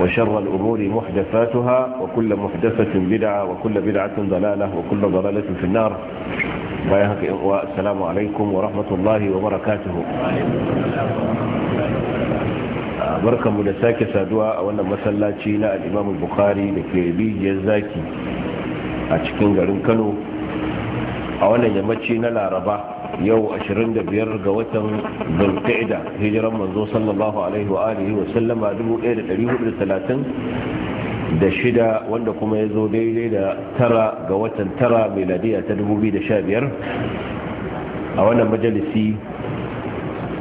وشر الأمور محدثاتها وكل محدثة بدعة وكل بدعة ضلالة وكل ضلالة في النار والسلام عليكم ورحمة الله وبركاته بركة مدساكة سادوا أولا مسلاتينا الإمام البخاري لكي بيجي الزاكي أتكين غرم كانوا أولا يمتشينا لارباه yau 25 ga watan zulqa'ida hijiran manzo sallallahu alaihi wa alihi wa sallama 1430 da shida wanda kuma ya zo daidai da tara ga watan tara meladiya ta 2015 a wannan majalisi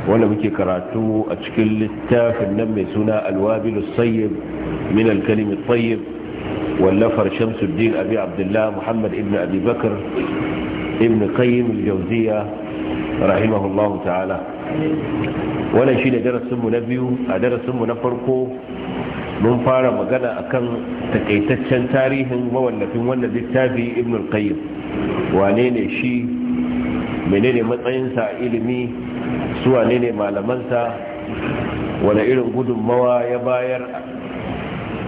wanda muke karatu a cikin littafin nan mai suna alwabilu sayyib min alkalimi sayyib wallafar shamsuddin abi abdullah muhammad ibn abi bakar ibn qayyim al-jawziya rahimahullahu ta'ala wannan shine darasin mu na biyu a darasin mu na farko mun fara magana akan takaitaccen tarihin mawallafin wannan littafi ibn al-qayyim wane ne shi menene matsayinsa ilimi su wane ne malamansa wane irin gudunmawa ya bayar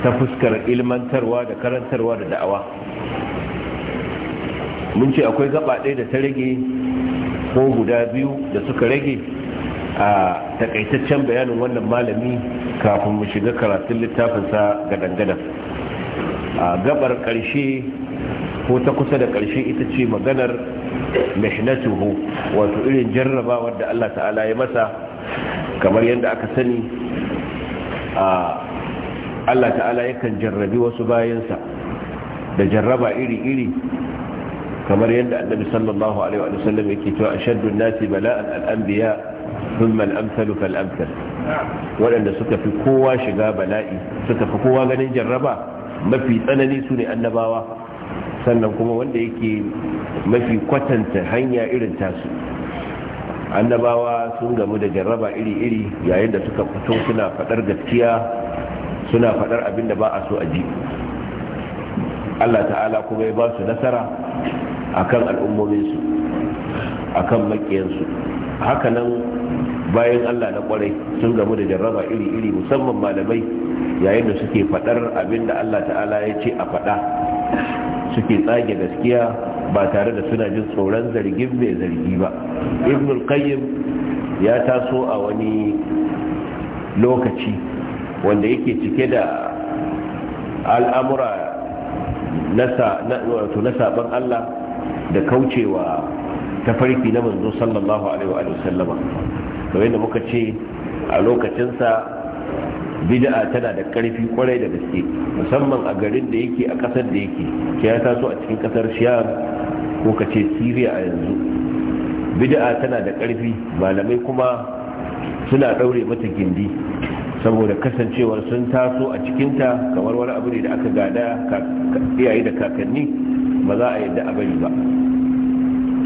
ta fuskar ilmantarwa da karantarwa da da'awa mun ce akwai gaba ɗaya da ta rage ko guda biyu da suka rage a takaitaccen bayanin wannan malami kafin mu shiga karatun littafinsa ga dangadan a gabar ƙarshe ko ta kusa da ƙarshe ita ce maganar mihnatuhu wato irin jarrabawar da Allah ta'ala ya masa kamar yadda aka sani a Allah ta'ala yakan jarrabi wasu bayansa da jarraba iri-iri kamar yadda annabi sallallahu alaihi wa sallam yake cewa ashaddu nasi bala'an al-anbiya thumma al-amsalu fal-amsal wadanda suka fi kowa shiga bala'i suka fi kowa ganin jarraba mafi tsanani sune annabawa sannan kuma wanda yake mafi kwatanta hanya irin tasu annabawa sun gamu da jarraba iri-iri yayin da suka fito suna faɗar gaskiya suna faɗar abin da ba a so a ji Allah ta'ala kuma ya ba su nasara a akan al'ummominsu akan makiyansu hakanan bayan Allah na kwarai sun gamu da jarraba iri-iri musamman malamai yayin da suke fadar abin da Allah ta'ala ya ce a fada suke tsage gaskiya ba tare da suna jin tsoron zargin mai zargi ba ibn qayyim ya taso a wani lokaci wanda yake cike da al'amura na saɓan Allah da kaucewa ta tafarki na manzo sallallahu alaihi wa sallama to da muka ce a lokacinsa bid'a tana da karfi kwarai da gaske musamman a garin da yake a kasar da yake ke ya taso a cikin kasar shiyar ko ka ce siriya a yanzu bid'a tana da karfi malamai kuma suna daure mata gindi saboda kasancewar sun taso a cikinta kamar wani abu ne da aka gada iyaye da kakanni ba za a yadda a ba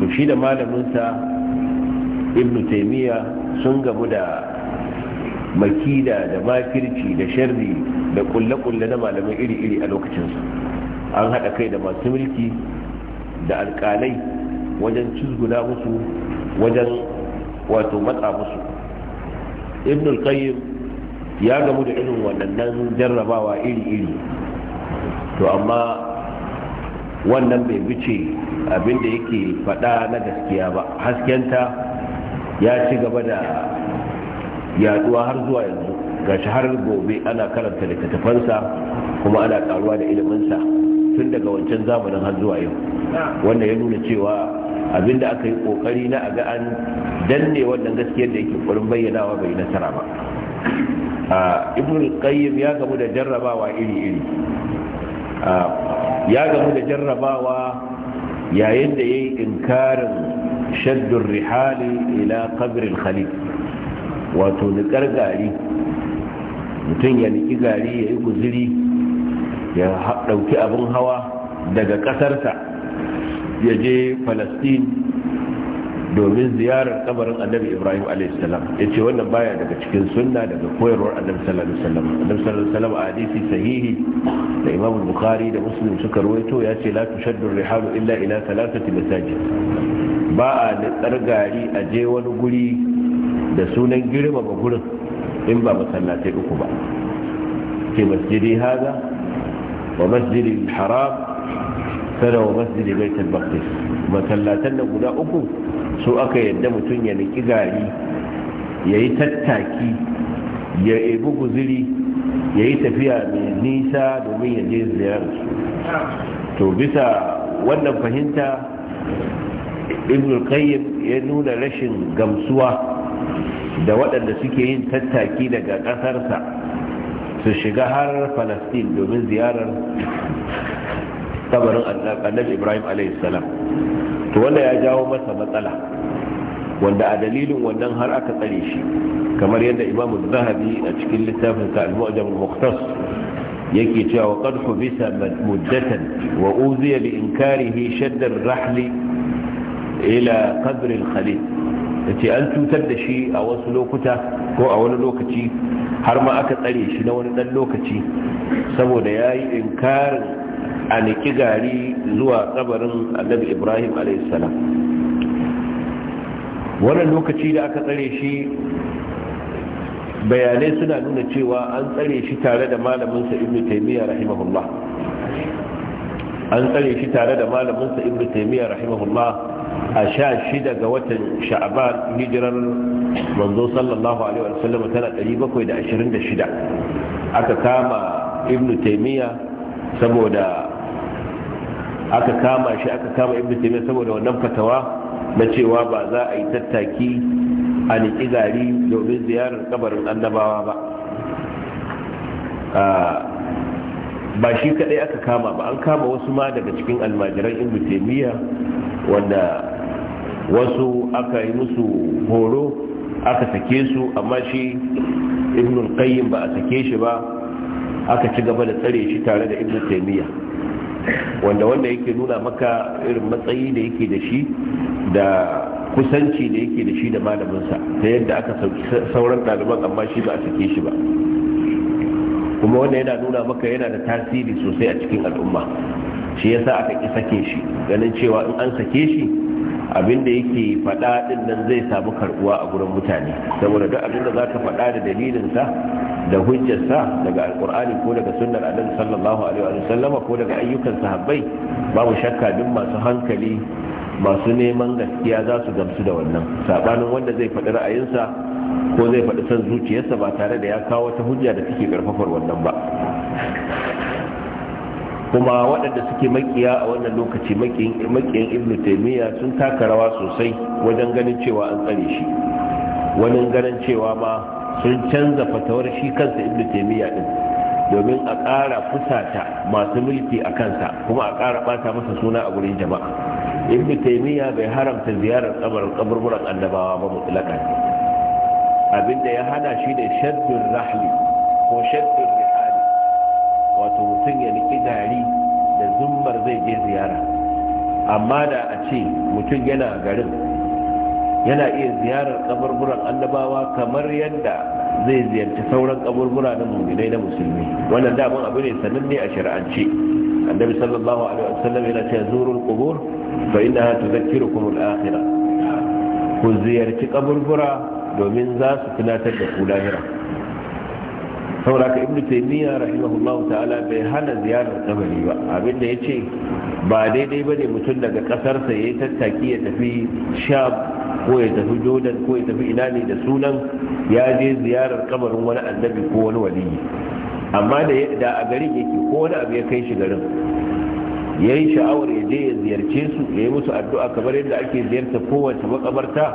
to shi da malaminsa ibn taimiyya sun gamu da makida da makirci da sharri da kulle-kulle na malamai iri-iri a lokacinsu an haɗa kai da masu mulki da alƙalai wajen cizguna musu wajen wato matsa musu ibn qayyim ya gamu da irin waɗannan jarrabawa iri-iri to amma wannan bai wuce abinda yake faɗa na gaskiya ba haskenta ya ci gaba da yaduwa har zuwa yanzu Ga har gobe ana karanta littattafansa kuma ana karuwa da iliminsa tun daga wancan zamanin har zuwa yau wanda ya nuna cewa abinda aka yi kokari na aga an danne wannan gaskiyar da yake kurin bayyanawa bai nasara ba ibn qayyim ya gamu da jarrabawa iri-iri ya gamu da jarrabawa yayin da ya yi inkarin shaddun rihali ila kabirin khalif wato nikar gari mutum ya niki gari ya yi guziri ya ɗauki abin hawa daga ƙasarsa ya je falastin domin ziyarar kabarin annabi ibrahim alaihissalam ya ce wannan baya daga cikin sunna daga koyarwar annabi sallallahu alaihi wasallam a hadisi sahihi da imam bukhari da muslim suka ruwaito ya ce la tushaddu rihalu illa ila thalathati masajid ba a nutsar gari a je wani guri da sunan girmama gurin in ba masallatai uku ba ke masjidi haza wa masjidi haram sana wa masjid baitul masallatan da guda uku su aka yadda mutum ya niki gari ya yi tattaki ya ebi guziri ya yi tafiya mai nisa domin ya je ziyararsu to bisa wannan fahimta ibn qayyim ya nuna rashin gamsuwa da waɗanda suke yin tattaki daga ƙasarsa su shiga har falastin domin ziyarar kabarin annabi ibrahim alaihi salam to wanda ya jawo masa matsala wanda a dalilin wannan har aka tsare shi kamar yadda imamu zahabi a cikin littafin sa al-mu'jam al yake cewa wa qad hubisa muddatan wa uziya kari inkarihi shadd ar-rahl ila qadr al-khalid yace an cutar da shi a wasu lokuta ko a wani lokaci har ma aka tsare shi na wani dan lokaci saboda yayi inkarin a niki gari zuwa kabarin annabi ibrahim a.s. wannan lokaci da aka tsare shi bayanai suna nuna cewa an tsare shi tare da malaminsa ibn taimiyya rahimahullah an tsare shi tare da malaminsa ibn taimiyya rahimahullah a sha shida ga watan sha'aban hijirar manzo sallallahu alaihi wasallam tana 726 aka kama ibn taimiyya saboda aka kama shi aka kama ibn tayyib saboda wannan fatawa na cewa ba za a yi tattaki a niki gari domin ziyarar kabarin annabawa ba ah, ba shi kadai aka kama ba an kama wasu ma daga cikin almajiran ibn tayyib wanda wasu aka yi musu horo aka sake su amma shi ibn qayyim ba a sake shi ba aka ci gaba da tsare shi tare da ibn tayyib wanda wanda yake nuna maka irin matsayi da yake da shi da kusanci da yake da shi da malaminsa ta yadda aka sauran ɗaliban amma shi ba a sake shi ba kuma wanda yana nuna maka yana da tasiri sosai a cikin al'umma shi ya sa aka ƙi sake shi ganin cewa in an sake shi abinda yake faɗa ɗin nan zai samu karbuwa a gurin mutane saboda duk abinda za ka faɗa da dalilinsa da hujjarsa daga alkur'ani ko daga sunnar annabi sallallahu alaihi wa ko daga ayyukan sahabbai babu shakka duk masu hankali masu neman gaskiya za su gamsu da wannan sabanin wanda zai faɗi ra'ayinsa ko zai faɗi son zuciyarsa ba tare da ya kawo wata hujja da take karfafar wannan ba kuma waɗanda suke makiya a wannan lokaci makiyan ibnu taimiyya sun taka rawa sosai wajen ganin cewa an tsare shi wani ganin cewa ma sun canza fatawar shi kansa ibnu taymiya din domin a ƙara fusata masu mulki a kansa kuma a ƙara ɓata masa suna a gurin jama'a ibnu taymiya bai haramta ziyarar kaburburan annabawa ba mutlaqan abinda ya hada shi ne shaddun rahli ko shaddun rihali wato mutum ya niki gari da zummar zai je ziyara amma da a ce mutum yana garin yana iya ziyarar kaburburan annabawa kamar yadda zai ziyarci sauran kaburbura na muminai na musulmi wannan daman abu ne sananne a shari'ance annabi sallallahu alaihi wasallam yana cewa zurul qubur fa innaha tudhakkirukum al-akhirah ku ziyarci kaburbura domin za su tunatar da ku lahira saboda ka ibnu taymiya rahimahullahu ta'ala bai hana ziyarar kabari ba abinda yace ba daidai bane mutum daga kasar sa yayi tattaki ya tafi sham ko ya tafi jordan ko ya tafi ina ne da sunan ya je ziyarar kabarin wani annabi ko wani wali amma da da a garin yake ko wani abu ya kai shi garin yayi sha'awar ya je ya ziyarce su yayi musu addu'a kamar yadda ake ziyarta kowace makabarta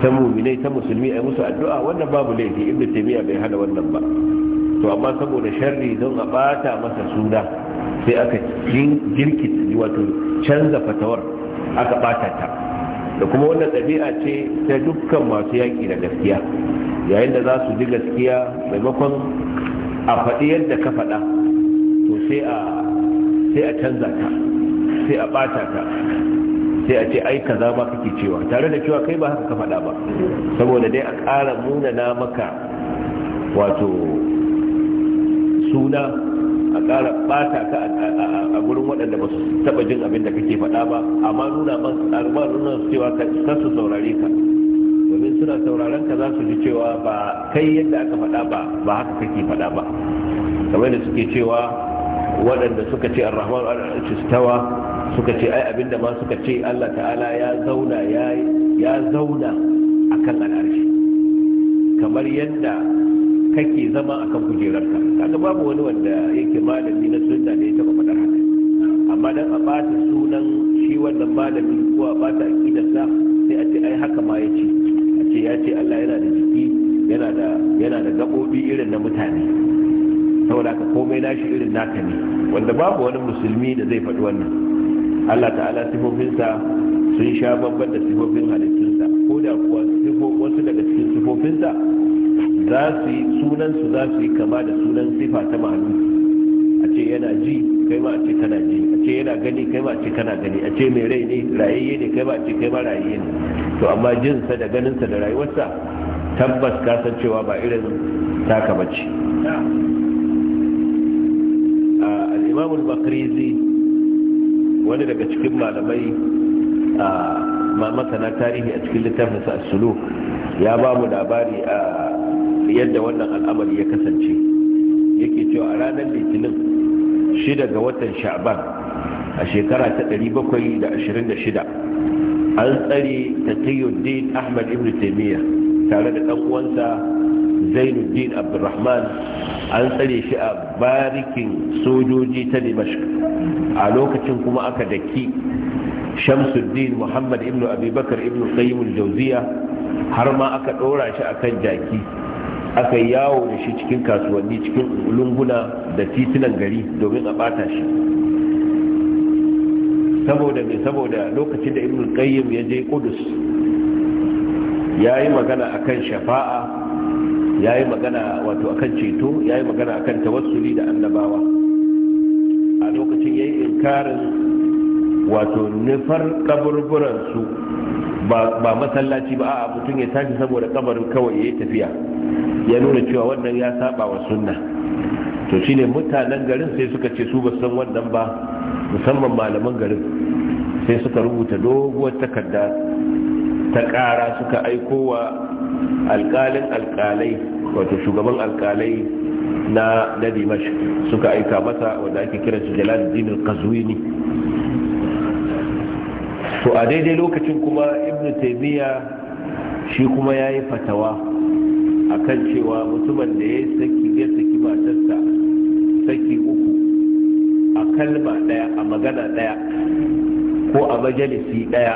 ta muminai ta musulmi a musu addu'a wannan babu laifi ibnu taymiya bai hana wannan ba to amma saboda sharri don a bata masa suna sai aka jirkit wato canza fatawar aka bata ta da kuma wannan ɗabi'a ce ta dukkan masu yaƙi da gaskiya yayin da za su ji gaskiya maimakon a faɗi yadda ka faɗa to sai a canza ta sai a ɓata ta sai a ce ai kaza ba kake cewa tare da cewa kai ba haka ka faɗa ba saboda dai a ƙara munana maka wato suna a ƙara ɓata ka a gurin waɗanda ba su taɓa jin abin da kake faɗa ba amma nuna man ba nuna cewa ka su saurare ka domin suna sauraron ka za su ji cewa ba kai yadda aka faɗa ba ba haka kake faɗa ba kamar da suke cewa waɗanda suka ce arrahman tawa suka ce ai abinda ma suka ce Allah ta'ala ya zauna ya zauna akan al'arshi kamar yadda kake zama akan kujerarka kaga babu wani wanda yake malami na sunna ne ya taba faɗar haka amma dan a bata sunan shi wannan malami ko a bata aqidarsa sai a ce ai haka ma ya a ce ya ce Allah yana da jiki yana da yana da gabobi irin na mutane saboda haka komai nashi irin naka ne wanda babu wani musulmi da zai faɗi wannan Allah ta'ala sifofinsa sun sha babban da sifofin halittunsa ko da kuwa wasu daga cikin sifofinsa za su yi sunan su za su yi kama da sunan sifa ta ma'anu a ce yana ji kai ma a ce kana ji a ce yana gani kai ma a ce kana gani a ce mai rai ne rayayye ne kai ma a ce kai ma rayayye ne to amma jinsa da ganinsa da rayuwarsa tabbas ka san cewa ba irin taka bace al-imam al-bakrizi wani daga cikin malamai a masana tarihi a cikin littafin sa suluk ya ba mu labari a yadda wannan al'amari ya kasance yake cewa a ranar litinin shida ga watan sha'ban a shekara ta 726 an tsare taqiyuddin ahmad ibn taymiya tare da dan uwansa zainuddin abdurrahman an tsare shi a barikin sojoji ta dimashq a lokacin kuma aka daki shamsuddin muhammad ibn abubakar ibn qayyim al-jawziya har ma aka dora shi akan jaki aka yi yawo da shi cikin kasuwanni cikin lunguna da titunan gari domin a bata shi saboda mai saboda lokacin da ibn qayyim ya je kudus ya yi magana akan shafa'a ya yi magana wato akan ceto ya yi magana akan tawassuli da annabawa a lokacin ya yi inkarin wato nufar kaburburansu ba masallaci ba a mutum ya tashi saboda kabarin kawai ya tafiya ya nuna cewa wannan ya saba wa sunna to shine mutanen garin sai suka ce su ba san wannan ba musamman malaman garin sai suka rubuta doguwar takarda ta kara suka aiko wa alkalin alkalai wato shugaban alkalai na na dimash suka aika masa wanda ake kiransu jalaluddin al-qazwini to a daidai lokacin kuma ibn taimiyya shi kuma ya yi fatawa a kan cewa mutumin da ya saki ya saki matarsa saki uku a kalma daya a magana daya ko a majalisi daya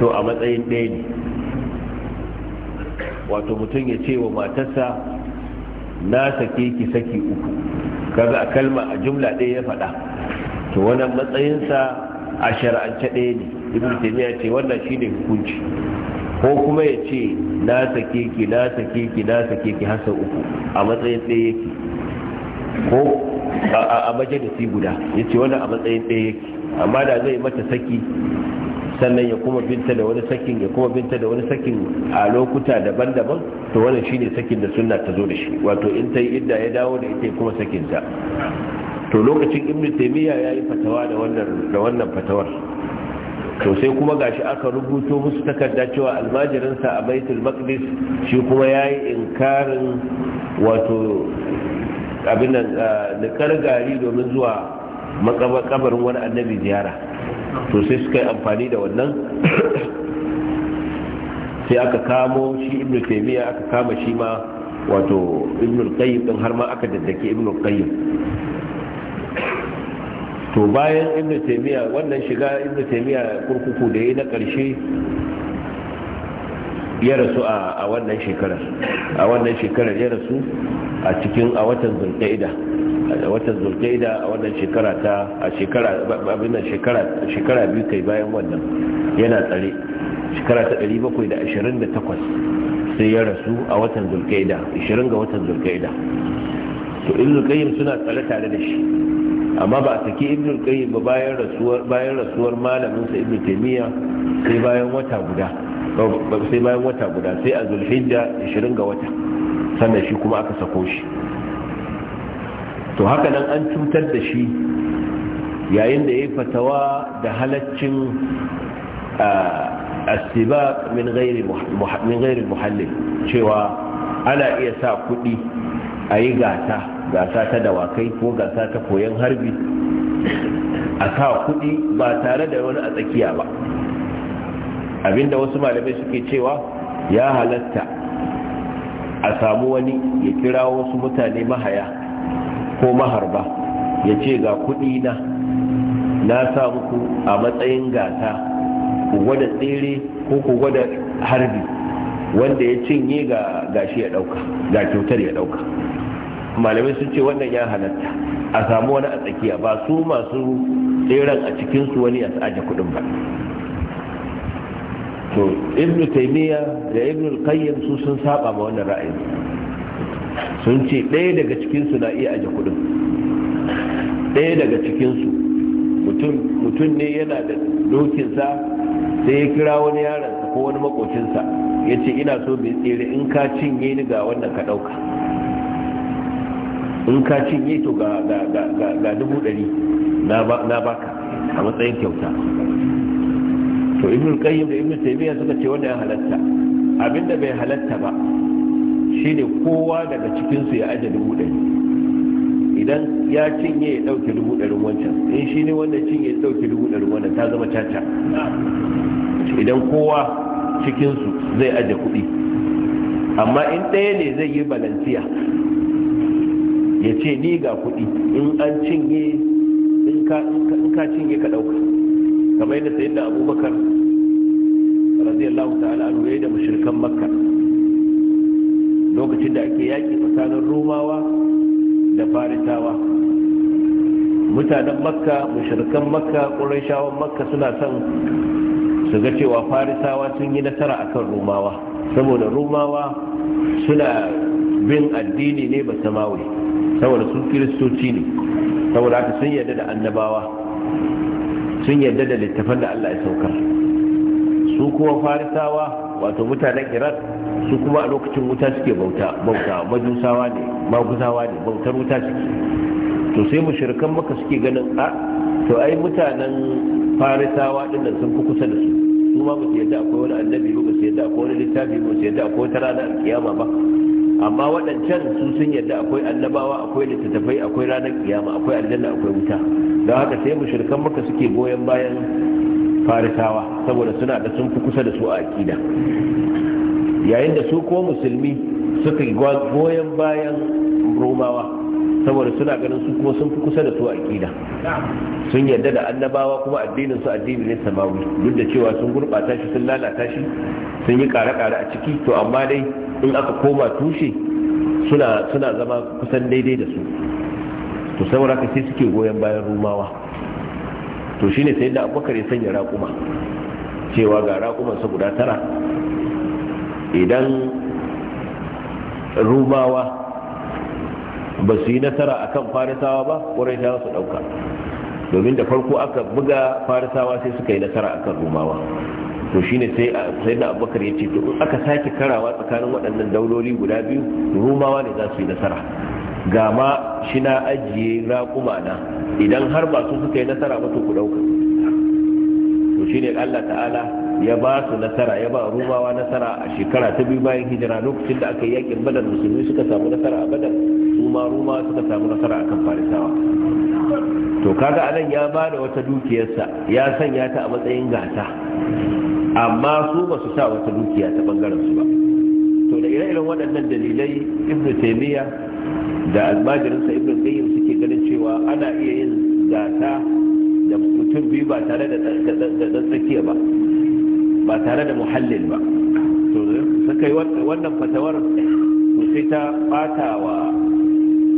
to a matsayin ɗaya ne wato mutum ya ce wa matarsa na sake ki saki uku kaga a kalma a jumla ɗaya ya faɗa to wannan matsayinsa a shar'ance ɗaya ne ibn taymiya ce wannan shine hukunci ko kuma ya ce na sake ki na sake ki na sake ki hasa uku a matsayin ɗaya yake ko a majalisi guda ya ce wannan a matsayin ɗaya yake amma da zai mata saki sannan ya kuma binta da wani sakin ya kuma binta da wani sakin a lokuta daban-daban to wannan shine sakin da sunna ta zo da shi wato in ta yi idda ya dawo da ita kuma sakinta. to lokacin ibn taymiya yayi fatawa da wannan da wannan fatawar to sai kuma gashi aka rubuto musu takarda cewa almajirin sa a baitul maqdis shi kuma yayi inkarin wato abin nan da gari domin zuwa makabarin wani annabi ziyara to sai suka yi amfani da wannan sai aka kamo shi ibn taymiya aka kama shi ma wato ibn qayyim din har ma aka daddake ibn qayyim to bayan ibn taymiya wannan shiga ibn taymiya kurkuku da yayi na karshe ya rasu a wannan shekarar a wannan shekarar ya rasu a cikin a watan zulqaida a watan zulqaida a wannan shekara ta a shekara abin nan shekara shekara biyu kai bayan wannan yana tsare shekara ta 728 sai ya rasu a watan zulqaida 20 ga watan zulqaida to ibn qayyim suna tsare tare da shi amma ba a saki ibnul qayyim ba bayan rasuwar bayan rasuwar malamin sa ibnu taymiya sai bayan wata guda sai bayan wata guda sai a zulhijja 20 ga wata sannan shi kuma aka sako shi to haka nan an cutar da shi yayin da ya fatawa da halaccin asiba min gairi muhallin cewa ana iya sa kudi a yi gata gasa ta dawakai ko gasa ta koyon harbi a sa kudi ba tare da wani a tsakiya ba abinda wasu malamai suke cewa ya halatta a samu wani ya kira wasu mutane mahaya ko maharba ya ce ga kudi na na sa muku a matsayin gasa ku gwada tsere ko ku gwada harbi wanda ya cinye ga gashi ya dauka ga kyautar ya dauka. malamai sun ce wannan ya halatta a samu wani a tsakiya ba su masu tseren a cikinsu wani a aje kudin ba to ibnu taimiyya da ibnu kayyar su sun saba ma wannan ra'ayin sun ce ɗaya daga cikinsu na iya aje kudin ɗaya daga cikinsu mutum ne yana da dokinsa sai ya kira wani yaransa ko wani makocinsa ya ce ina so mai tsere in ka cinye ni ga wannan ka ɗauka in ka cinye to ga dubu ɗari na baka a matsayin kyauta to ibn qayyim da ibn taymiyyah suka ce wanda ya halatta abinda bai halatta ba shine kowa daga cikin su ya aje dubu ɗari idan ya cinye ya dauke dubu dari wancan in shi ne wanda cinye ya dauke dubu dari wannan ta zama caca idan kowa cikin su zai aje kuɗi amma in ɗaya ne zai yi balantiya ya ce ni ga kuɗi in an cinye in ka cinye ka ɗauka kamar yadda sayin da abubakar radiyallahu ta'ala anhu ya yi da mashirkan makka lokacin da ake yaƙi tsakanin romawa da farisawa mutanen makka mashirkan makka ƙurashawan makka suna son su ga cewa farisawa sun yi nasara akan romawa saboda romawa suna bin addini ne ba samawai saboda sun kiristoci ne saboda haka sun yarda da annabawa sun yarda da littafan da Allah ya saukar su kuma farisawa wato mutanen iran su kuma a lokacin wuta suke bauta bauta majusawa ne magusawa ne bautar wuta suke to sai mushrikan maka suke ganin a to ai mutanen farisawa dinnan sun fi kusa da su su ma ba su yarda akwai wani annabi ba su yarda akwai wani littafi ba su yarda akwai wata rana kiyama ba amma waɗancan su sun yadda akwai annabawa akwai littattafai akwai ranar kiyama akwai aljanna akwai wuta don haka sai shirkan maka suke goyon bayan farisawa saboda suna da sun fi kusa da su a akida yayin da su ko musulmi suka goyon bayan romawa saboda suna ganin su kuma sun fi kusa da su a akida sun yarda da annabawa kuma addinin su addini ne samawi duk da cewa sun gurɓata shi sun lalata shi sun yi kare-kare a ciki to amma dai in aka koma tushe suna zama kusan daidai da su to saboda ka sai suke goyon bayan rumawa to shine sai da abubakar ya sanya raƙuma cewa ga raƙumansa guda tara idan rumawa ba su yi nasara a kan farisawa ba wurin shawa su ɗauka domin da farko aka buga farisawa sai suka yi nasara akan kan rumawa to shine sai sai da abubakar ya ce to in aka sake karawa tsakanin waɗannan dauloli guda biyu rumawa ne za su yi nasara ga ma shi na ajiye raƙuma na idan har ba su suka yi nasara ba to ku ɗauka to shine allah ta'ala ya ba su nasara ya ba rubawa nasara a shekara ta biyu bayan hijira lokacin da aka yi yakin badar musulmi suka samu nasara a badar su ma ruma suka samu nasara a kan farisawa to kaga anan ya ba da wata dukiyarsa ya sanya ta a matsayin gasa amma su ba su sa wata dukiya ta bangaren su ba to da ire-iren waɗannan dalilai ibn taymiya da almajirinsa ibn qayyim suke ganin cewa ana iya yin gata da mutum biyu ba tare da tsakiya ba ba tare da muhallin ba to suka yi wannan fatawar sai ta bata wa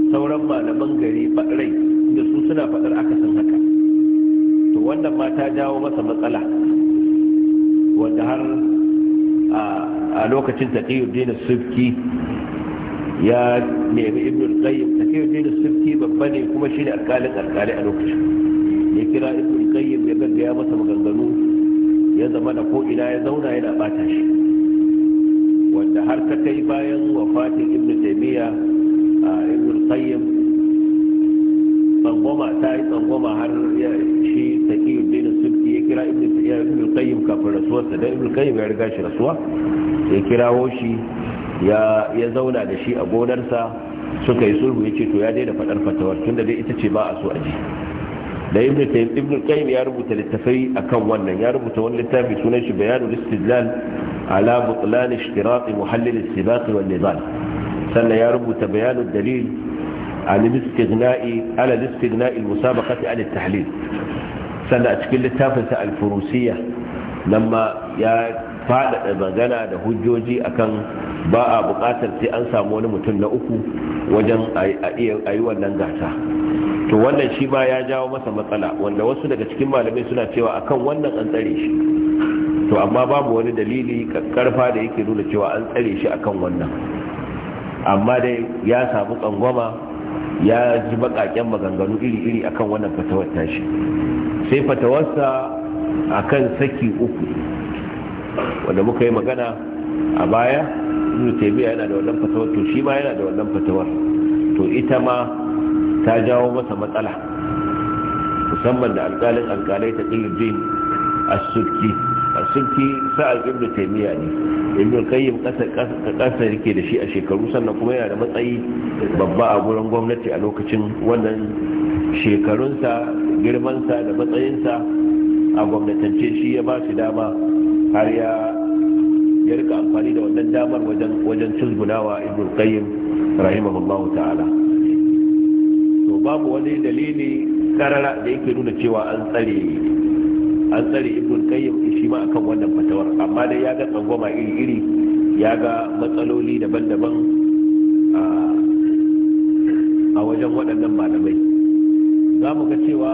sauran malaman gari rai da su suna fadar akasin haka to wannan ma ta jawo masa matsala wanda har a lokacin taqiyuddin sufki ya nemi ibn al-qayyim taqiyuddin sufki babba ne kuma shine alkalin alkali a lokacin ya kira ibn al-qayyim ya gaggaya masa maganganu ya zama da ko ina ya zauna yana bata shi wanda har ta kai bayan wafatin ibn taimiyya a ibn qayyim tsangoma ta yi tsangoma har ya shi dina subki ya kira ibn kafin rasuwarsa don ibn qayyim ya riga shi rasuwa ya kirawo shi ya zauna da shi a gonarsa suka yi sulhu ya ce to ya daina faɗar fatawar tunda dai ita ce ba a so a ji da ibn tayyib ibn qayyim ya rubuta littafai akan wannan ya rubuta wani littafi sunan shi bayanul istidlal ala butlan ishtirat muhallil istibaq wal nizal sannan ya rubuta bayanul dalil على الاستغناء على الاستغناء المسابقة عن التحليل سنة أتكل التافة الفروسية lamma ya faɗaɗa magana da hujjoji akan ba a buƙatar sai an samu wani mutum na uku wajen a yi wannan gasa to wannan shi ba ya jawo masa matsala wanda wasu daga cikin malamai suna cewa akan wannan an tsare shi to amma babu wani dalili karfa da yake nuna cewa an tsare shi akan wannan amma dai ya samu tsangwama ya ji bakaken maganganu iri-iri akan wannan fatawar tashi sai fatawarsa akan saki uku wanda muka yi magana a baya ibn taymiya yana da wannan fatawar to shi ma yana da wannan fatawar to ita ma ta jawo masa matsala musamman da alkalin alkalai ta ƙiluddin asuki asubki sa'ad ibn taymiya ne ibn qayyim kasa yake da shi a shekaru sannan kuma yana da matsayi babba a gurin gwamnati a lokacin wannan shekarunsa girmansa da matsayinsa a gwamnatance shi ya ba shi dama har ya ya rika amfani da wannan damar wajen wajen cizgunawa ibn qayyim rahimahullahu ta'ala babu wani dalili karara da yake nuna cewa an tsare an tsare ibn kayyim shi ma akan wannan fatawar amma dai ya ga tsangwama iri iri ya ga matsaloli daban-daban a wajen waɗannan malamai za mu ga cewa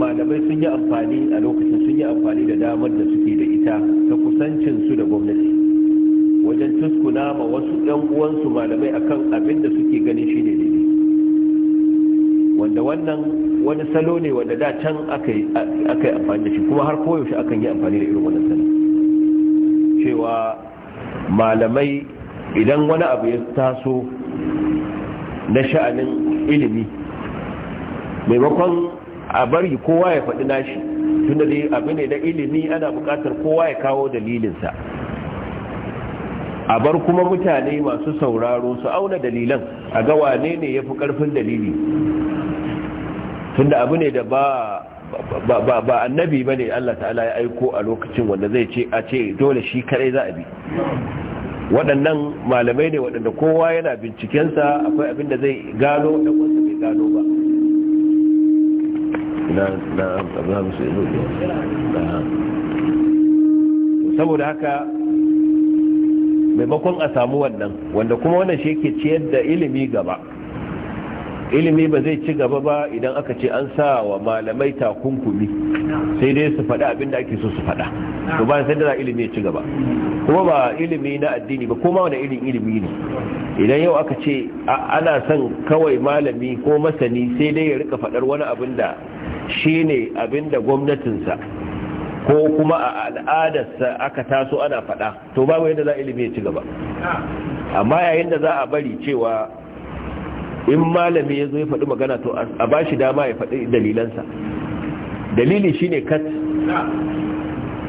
malamai sun yi amfani a lokacin sun yi amfani da damar da suke da ita ta kusancin su da gwamnati wajen tuskuna ma wasu ɗan uwansu malamai akan abin da suke ganin shi ne daidai wanda wannan wani salo ne wanda da can aka yi amfani da shi kuma har koyaushe akan yi amfani da irin wannan salo cewa malamai idan wani abu ya taso na sha'anin ilimi maimakon a bari kowa ya faɗi nashi tunda dai abu ne na ilimi ana buƙatar kowa ya kawo dalilinsa a bar kuma mutane masu sauraro su auna dalilan a ga wane ne ya fi karfin dalili tunda abu ne da ba ba annabi ba ne Allah ta'ala ya aiko a lokacin wanda zai ce a ce dole shi kare za a bi waɗannan malamai ne waɗanda kowa yana bincikensa akwai abin da zai gano da wasu bai gano ba saboda haka maimakon a samu wannan wanda kuma wannan shi yake ciyar da ilimi gaba ilimi ba zai ci gaba ba idan aka ce an sa wa malamai takunkumi sai dai su faɗa abin da ake so su faɗa to ba sai da ilimi ya ci gaba kuma ba ilimi na addini ba kuma wani irin ilimi ne idan yau aka ce ana son kawai malami ko masani sai dai ya rika faɗar wani abin da ne abin da gwamnatinsa ko kuma a al'adarsa aka taso ana faɗa to babu yadda za ilimi ya ci gaba amma yayin da za a bari cewa in malami ya zo ya faɗi magana to a ba shi dama ya faɗi dalilansa dalili shine kat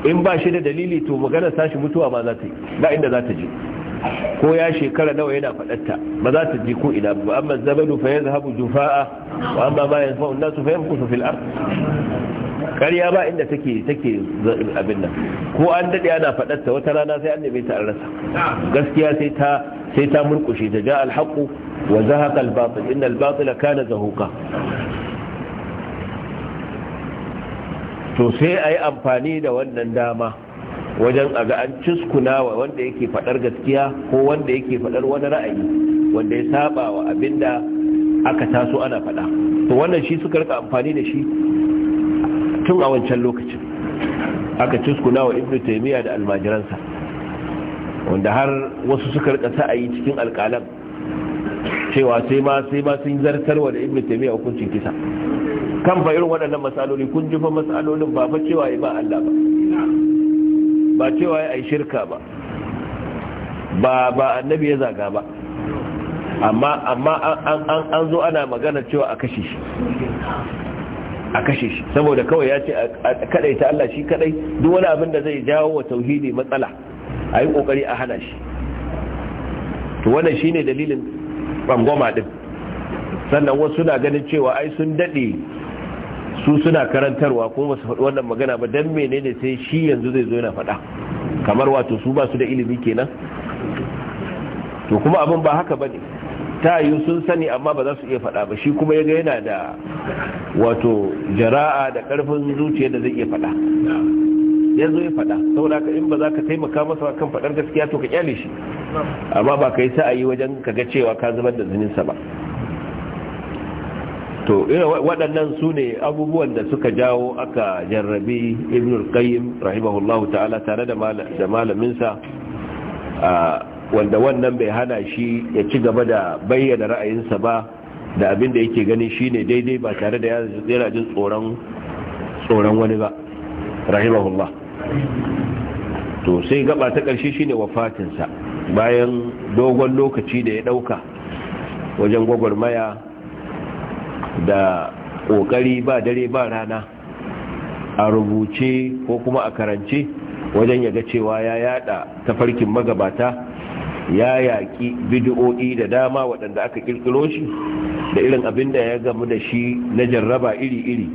in ba shi da dalili to magana sashi mutuwa ma za ta yi ba inda za ta je ko ya shekara nawa yana faɗatta ba za ta ji ko ina ba amma zabadu fa yazhabu jufa'a wa amma ba yanfa'u an-nasu fa yamkutu fil ard ƙarya ba inda take take abin nan ko an dade ana faɗar ta wata rana sai an ta an rasa gaskiya sai ta sai ta murkushe ta ja alhaqu wa zahaqa albatil inna albatil kana zahuqa to sai ayi amfani da wannan dama wajen a ga an ciskuna wa wanda yake faɗar gaskiya ko wanda yake faɗar wani ra'ayi wanda ya saba wa abinda aka taso ana faɗa to wannan shi suka rika amfani da shi tun a wancan lokacin aka cuskuna wa ibnu taymiya da almajiransa wanda har wasu suka rika sa'ayi cikin alƙalam cewa sai ma sai ma sun zartarwa da ibnu taymiya hukuncin kisa kan fa irin waɗannan masaloli kun ji fa masalolin ba fa cewa ba Allah ba ba cewa ai shirka ba ba ba annabi ya zaga ba amma amma an an zo ana magana cewa a kashe shi a kashe shi saboda kawai ya ce a kadai ta Allah shi kadai duk wani abin da zai jawo wa tauhidi matsala a yi kokari a hana shi to wannan shine dalilin bangoma din sannan wasu suna ganin cewa ai sun dade su suna karantarwa kuma su faɗi wannan magana ba dan menene sai shi yanzu zai zo yana faɗa kamar wato su ba su da ilimi kenan to kuma abin ba haka bane ta yi sun sani amma ba za su iya faɗa ba shi kuma ya ga yana da wato jara'a da karfin zuciya da zai iya fada ya zo ya faɗa saboda ka in ba za ka taimaka masa kan faɗar gaskiya to ka kyale shi amma ba ka yi sa'ayi wajen ka ga cewa ka zubar da zininsa ba to waɗannan su ne abubuwan da suka jawo aka jarrabi ibn al-qayyim rahimahullahu ta'ala tare da malaminsa wanda wannan bai hana shi ya ci gaba da bayyana ra'ayinsa ba da abin da yake gani shine daidai ba tare da yana jin tsoron wani ba rahimahullah to sai gaba ta ƙarshe shine wafatinsa bayan dogon lokaci da ya ɗauka wajen gwagwarmaya da ƙoƙari ba dare ba rana a rubuce ko kuma a karance wajen yaga cewa ya yada tafarkin magabata ya yaƙi bid'o'i da dama waɗanda aka ƙirƙiro shi da irin abin da ya gamu da shi na jarraba iri-iri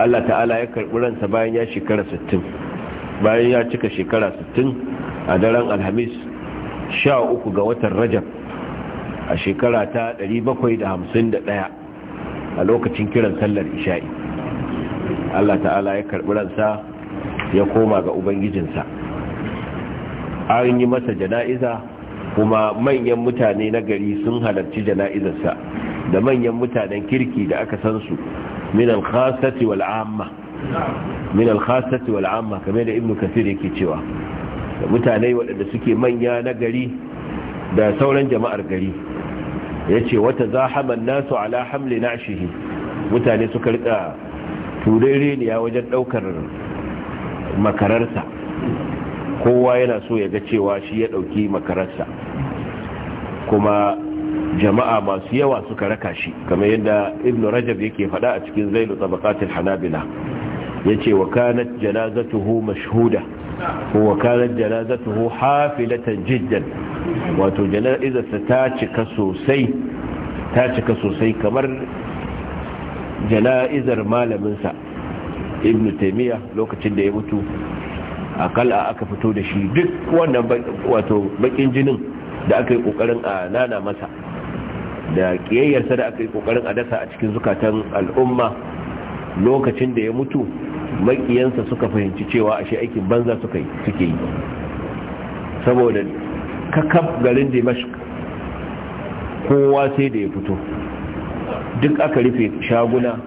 Allah ta'ala ya karɓi ransa bayan ya shekara 60 bayan ya cika shekara 60 a daren alhamis 13 ga watan rajab a shekara ta 751 a lokacin kiran sallar isha'i Allah ta'ala ya karɓi ransa ya koma ga ubangijinsa an yi masa jana'iza kuma manyan mutane na gari sun halarci jana'izarsa da manyan mutanen kirki da aka san su min khasati wal amma min khasati wal amma kamar da ibnu kathir yake cewa da mutane waɗanda suke manya na gari da sauran jama'ar gari yace wata zahaman nasu ala hamli nashihi mutane suka rika turere ne wajen daukar makararsa kowa yana so ya ga cewa shi ya ɗauki makararsa kuma jama'a masu yawa suka raka shi kamar yadda ibn rajab yake faɗa a cikin zailu tabaqatil hanabila yace wa kanat janazatuhu mashhuda wa kanat janazatuhu hafilatan jiddan wato janazarsa ta cika sosai ta cika sosai kamar jana'izar malaminsa ibn taimiyya lokacin da ya mutu a kal'a aka fito da shi duk wannan wato bakin jinin da aka yi kokarin a nana masa da kiyayyarsa da aka yi kokarin a dasa a cikin zukatan al'umma lokacin da ya mutu makiyansa suka fahimci cewa ashe aikin banza suka suke yi saboda kakab garin dimashq kowa sai da ya fito duk aka rufe shaguna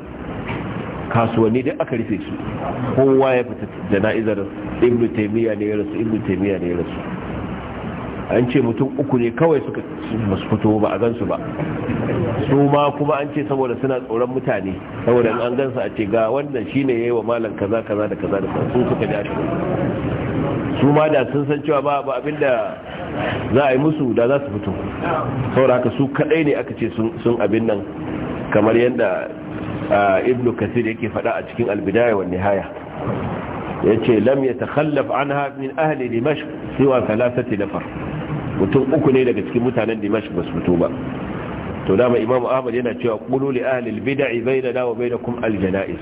kasuwanni duk aka rufe su kowa ya fita jana'izar ibnu taymiya ne ya rasu ibnu taymiya ne ya rasu an ce mutum uku ne kawai suka basu fito ba a gansu ba su ma kuma an ce saboda suna tsoron mutane saboda an gansu a ce ga wannan shine yayi wa malam kaza kaza da kaza da kaza su suka ji aka su ma da sun san cewa ba ba abinda za a yi musu da za su fito saboda haka su kadai ne aka ce sun abin nan kamar yadda ah, ibnu kasir yake faɗa a cikin albidaya wa nihaya yace lam ya yatakhallaf anha min ahli dimashq siwa thalathati nafar mutum uku ne daga cikin mutanen dimashq basu fito ba to dama imamu ahmad yana cewa qulu li ahli albid'i bainana wa bainakum aljanaiz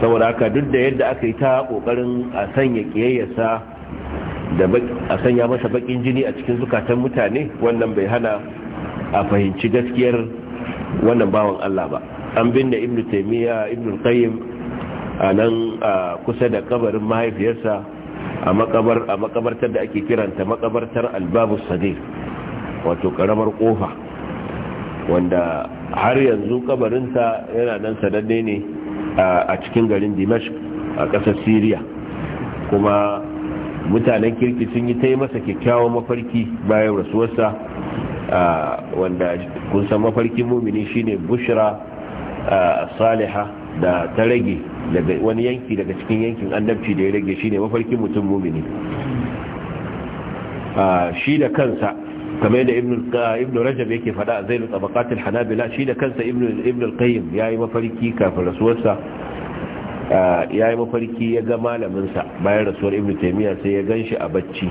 saboda haka duk da yadda aka yi ta kokarin a sanya kiyayyarsa da a sanya masa bakin jini a cikin zukatan mutane wannan bai hana a fahimci gaskiyar wannan bawan Allah ba an binne ibnu taymiya ibnu qayyim a nan kusa da kabarin mahaifiyarsa a makabartar da ake kiranta makabartar albabu sadir wato karamar kofa wanda har yanzu kabarinsa yana nan sananne ne a cikin garin dimashq a ƙasar syria kuma mutanen kirki sun yi ta yi masa kyakkyawan mafarki bayan rasuwarsa wanda kun san mafarkin mumini shine bushra saliha da ta rage daga wani yanki daga cikin yankin annabci da ya rage shine mafarkin mutum mumini shi da kansa kamar yadda ibn rajab yake fada a zainu tabakatul hanabila shi da kansa ibn al-qayyim yi mafarki kafin rasuwarsa ya yi mafarki ya ga malaminsa bayan rasuwar ibn taimiyya sai ya shi a bacci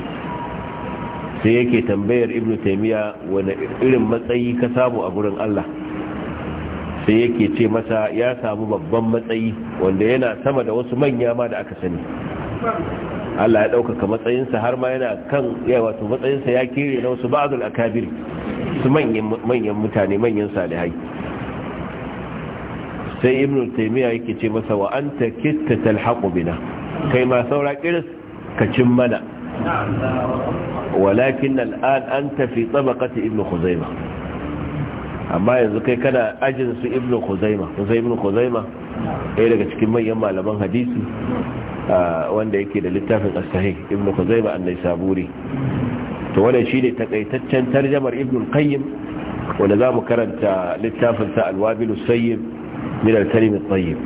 sai yake tambayar ibn taimiyya wani irin matsayi ka samu a gurin Allah sai yake ce masa ya samu babban matsayi wanda yana sama da wasu manya ma da aka sani Allah ya ɗaukaka matsayinsa har ma yana kan ya wato matsayinsa ya kere na wasu a akabir su manyan mutane manyan salihai sai ibn taymiya yake ce masa wa anta kitta talhaqu bina kai ma saura kiris ka cin mana walakin al'an anta fi tabaqati ibn khuzaimah amma yanzu kai kana ajin su ibn khuzaima kusa ibn khuzaima eh daga cikin manyan malaman hadisi wanda yake da littafin as-sahih ibn khuzaima annai saburi? to wannan shine takaitaccen tarjamar ibn qayyim wanda zamu karanta littafin sa al-wabil as-sayyib min al-kalim at-tayyib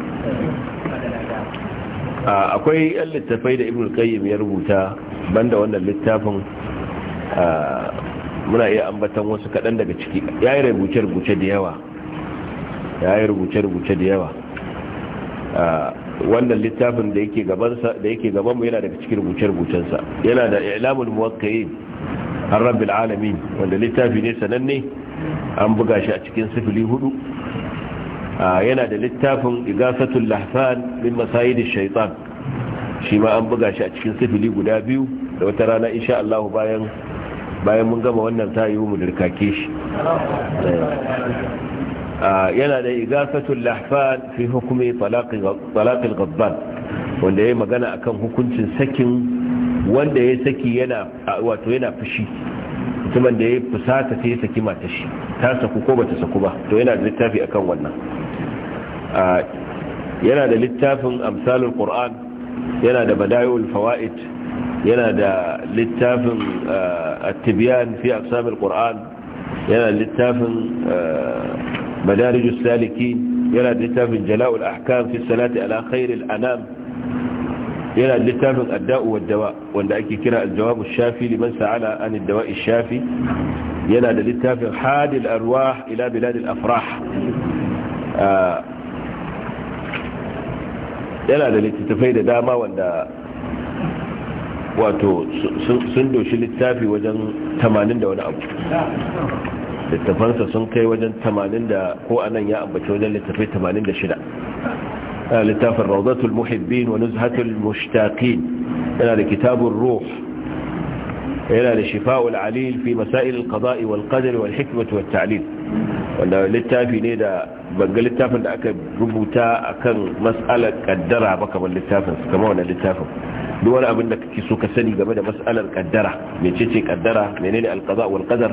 akwai littafai da ibn qayyim ya rubuta banda wannan littafin muna iya ambatan wasu kaɗan daga ciki ya yi rubuce-rubuce da yawa ya yi rubuce-rubuce da yawa wannan littafin da yake gabanmu yana daga cikin rubuce-rubucensa yana da ilamul muwakkayi har rabbil alamin wanda littafi ne sananne an buga shi a cikin sifili hudu yana da littafin igasatul lahfan min masayid shaitan shi ma an buga shi a cikin sifili guda biyu da wata rana insha Allah bayan bayan mun gama wannan ta yi mu dirkake shi eh, yana da igasatul lahfan fi hukumi talaqil gabban wanda yi magana akan hukuncin sakin wanda ya saki yana wato yana fushi mutumin da ya fusata sai ya saki mata shi ta saku ko bata saku ba to yana da littafi akan wannan yana da littafin amsalul qur'an yana da badaul fawaid yana da littafin attibiyan fi aqsamil qur'an yana littafin madarijus saliki yana da littafin jala'ul ahkam fi salati ala khairil anam yana da littafin adda'u wad dawa wanda ake kira al-jawab shafi liman sa'ala an ad-dawa shafi yana da littafin hadil arwah ila bilad al-afrah yana da littattafai da dama wanda wato sun doshi littafi wajen tamanin da wani abu littafansa sun kai wajen tamanin da ko anan ya ambaci wajen littafai tamanin da shida littafin rauzatul muhibbin wani zuhatul mushtaqin yana da kitabun ruh yana da shifa'ul alil fi masail qada'i wal qadar wal hikmatu wat ta'lil wanda littafi ne da banga littafin da aka rubuta akan mas'alar kaddara baka ban littafin kamar wannan littafin duk wani abin da kake so ka sani game da mas'alar kaddara mecece kaddara menene alqada wal qadar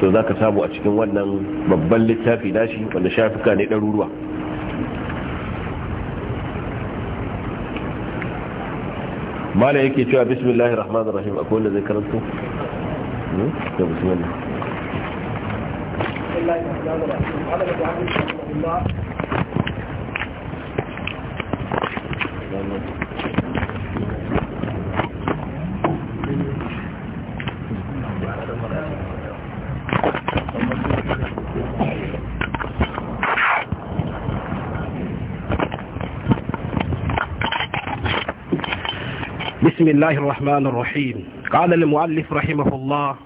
to zaka samu a cikin wannan babban littafi nashi wanda shafuka ne daruruwa mala yake cewa bismillahir rahmanir rahim akwai wanda zai karanto hmm? to bismillah بسم الله الرحمن الرحيم قال المؤلف رحمه الله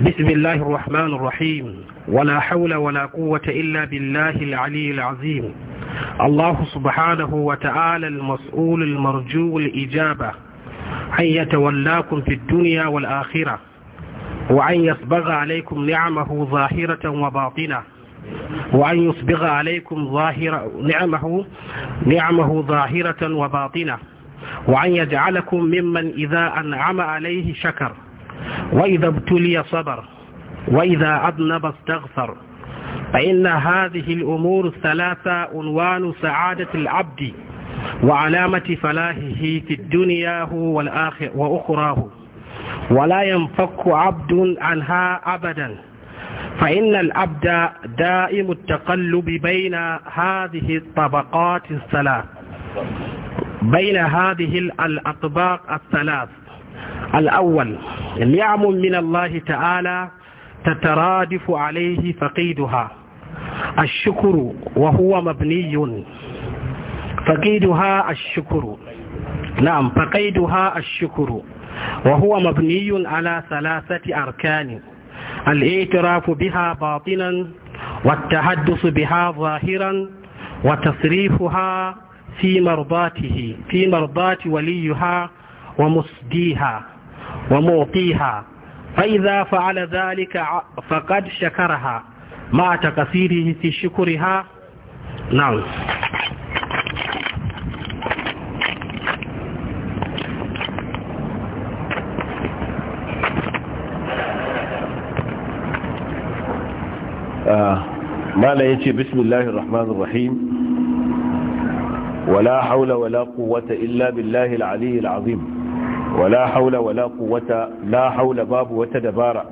بسم الله الرحمن الرحيم ولا حول ولا قوة إلا بالله العلي العظيم الله سبحانه وتعالى المسؤول المرجو الإجابة أن يتولاكم في الدنيا والآخرة وأن يصبغ عليكم نعمه ظاهرة وباطنة وأن يصبغ عليكم ظاهرة نعمه نعمه ظاهرة وباطنة وأن يجعلكم ممن إذا أنعم عليه شكر وإذا ابتلي صبر وإذا أذنب استغفر فإن هذه الأمور الثلاثة عنوان سعادة العبد وعلامة فلاحه في الدنيا والآخرة وأخراه ولا ينفك عبد عنها أبداً فإن الأبد دائم التقلب بين هذه الطبقات الثلاث بين هذه الأطباق الثلاث الأول نعم من الله تعالى تترادف عليه فقيدها الشكر وهو مبني فقيدها الشكر نعم فقيدها الشكر وهو مبني على ثلاثة أركان الاعتراف بها باطنا والتحدث بها ظاهرا وتصريفها في مرضاته في مرضات وليها ومسديها ومعطيها فإذا فعل ذلك فقد شكرها مع تقصيره في شكرها نعم mala ya ce bismillahir rahmanir rahim wala haula wala quwwata illa billahi al al azim wala haula wala quwwata la haula babu wata dabara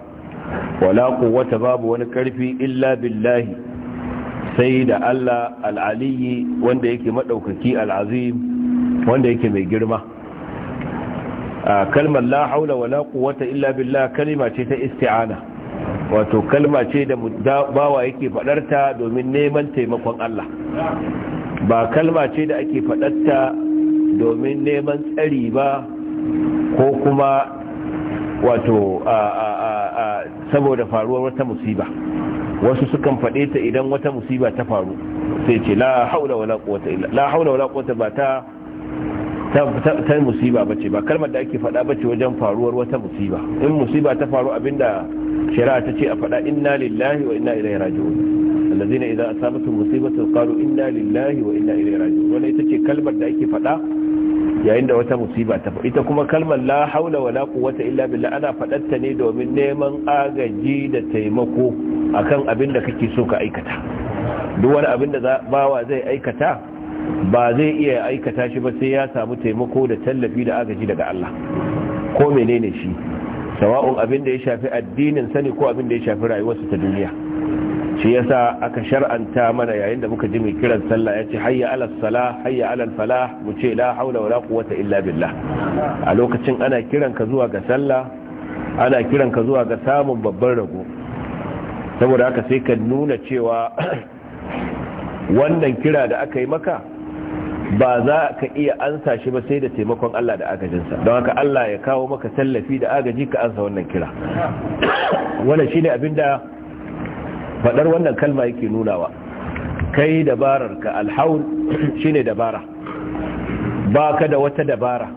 wala quwwata babu wani karfi illa billahi sai da Allah al-aliyyi wanda yake madaukaki al-azim wanda yake mai girma kalmar la haula wala quwwata illa billah kalma ce ta isti'ana wato kalma ce da bawa yake fadarta domin neman taimakon Allah ba kalma ce da ake fadarta domin neman tsari ba ko kuma wato saboda faruwar wata musiba wasu sukan faɗe ta idan wata musiba ta faru sai ce la haula wala quwwata illa la haula wala quwwata ba ta ta musiba ba ce ba kalmar da ake faɗa ce wajen faruwar wata musiba in musiba ta faru abinda shari'a ta ce a faɗa inna lillahi wa inna ilaihi raji'un allazina idza asabatu musibatu qalu inna lillahi wa inna ilaihi raji'un wannan ita ce kalmar da ake faɗa yayin da wata musiba ta faru ita kuma kalmar la haula wala quwwata illa billah ana faɗatta ne domin neman agaji da taimako akan abin da kake so ka aikata duk wani abinda bawa zai aikata ba zai iya aikata shi ba sai ya samu taimako da tallafi da agaji daga Allah ko menene shi sawa'un abin da ya shafi addinin sani ko abin da ya shafi rayuwarsa ta duniya shi yasa aka shar'anta mana yayin da muka ji mai kiran sallah ya ce hayya ala sala hayya ala falah mu ce la haula wala quwwata illa billah a lokacin ana kiran ka zuwa ga sallah ana kiran ka zuwa ga samun babban rago saboda haka sai ka nuna cewa wannan kira da aka yi maka ba za ka iya ansa shi ba sai da taimakon Allah da agajinsa don haka Allah ya kawo maka tallafi da agaji ka ansa wannan kira wannan shine abinda fadar wannan kalma yake nunawa kai dabarar ka alhaul shine dabara ba ka da wata dabara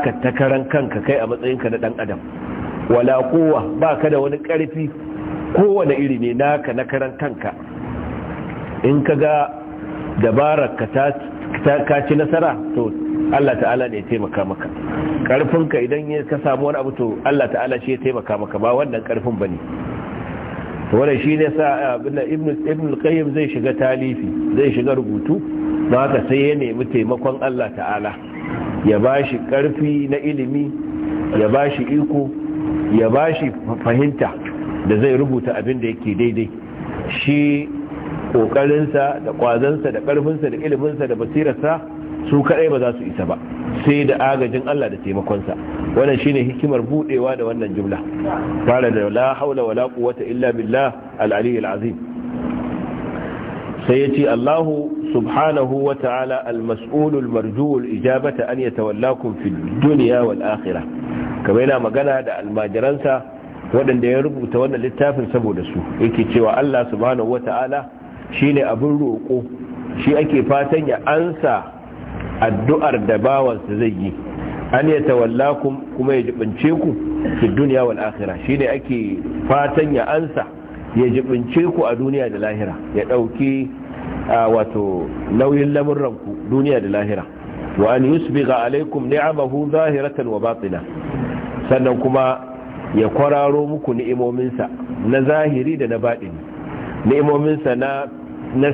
ka takaran kanka kai a matsayinka na ɗan adam wala kowa ba ka da wani karfi kowane iri ne naka na karan kanka in ka ga dabarar ka ta ka ci nasara to Allah ta'ala ne ya taimaka maka karfinka idan ka samu wani abu to Allah ta'ala shi ya taimaka maka ba wannan karfin bane wannan shi ne sa eh, abin ibn ibn al-qayyim zai shiga talifi zai shiga rubutu don haka sai ya nemi taimakon Allah ta'ala ya bashi karfi na ilimi ya bashi iko ya bashi fahimta da zai rubuta abin da yake daidai shi kokarinsa da kwazansa da karfinsa da iliminsa da basirarsa su kadai ba za su isa ba sai da agajin Allah da taimakonsa wannan shine hikimar budewa da wannan jumla fara da la haula wala quwwata illa billah al-ali al-azim sai yace Allah subhanahu wa ta'ala al-mas'ul al-marju al-ijabata an yatawallakum fi dunya wal akhirah kamar yana magana da almajiransa waɗanda ya rubuta wannan littafin saboda su yake cewa Allah subhanahu wa ta'ala shine abin roƙo shi ake fatan ya ansa addu'ar da bawansa zai yi an ya tawalla kuma ya jibince ku fi duniya wal akhirah shine ake fatan ya ansa ya jibince ku a duniya da lahira ya dauki wato nauyin lamurran ku duniya da lahira wa an yusbiga alaikum ni'amahu zahiratan wa batina sannan kuma ya kwararo muku ni'imominsa na zahiri da na baɗini ni'imominsa na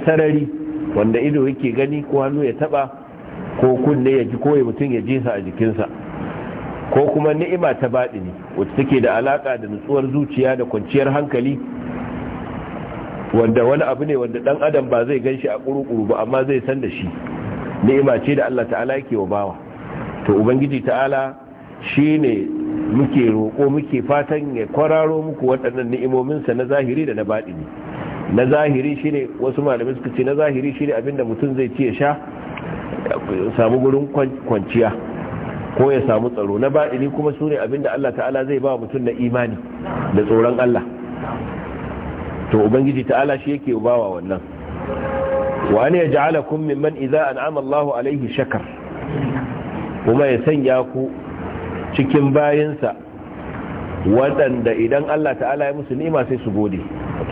sarari wanda ido yake gani ko hannu ya taba ko kunne ya ji koyi mutum ya ji sa a jikinsa ko kuma ni'ima ta baɗi ne wacce take da alaka da nutsuwar zuciya da kwanciyar hankali wanda wani abu ne wanda ɗan adam ba zai shi a ƙuruƙuru ba amma zai san da shi ni'ima ce da Allah ta'ala yake wa bawa to ubangiji ta'ala shi ne muke roƙo muke fatan ya kwararo muku waɗannan ni'imominsa na zahiri da na baɗi ne. na zahiri shi ne wasu malamin suka ce na zahiri shi ne abinda mutum zai ci ya sha samu gurin kwanciya ko ya samu tsaro na ba'ili kuma su ne abinda Allah ta'ala zai ba mutum na imani da tsoron Allah to ubangiji ta'ala shi yake wa wannan Wa wani ya ja'ala kun mimman iza an'ama amallahu alaihi shakar kuma ya sanya ku cikin bayansa waɗanda idan Allah ta'ala ya musu ni'ima sai su gode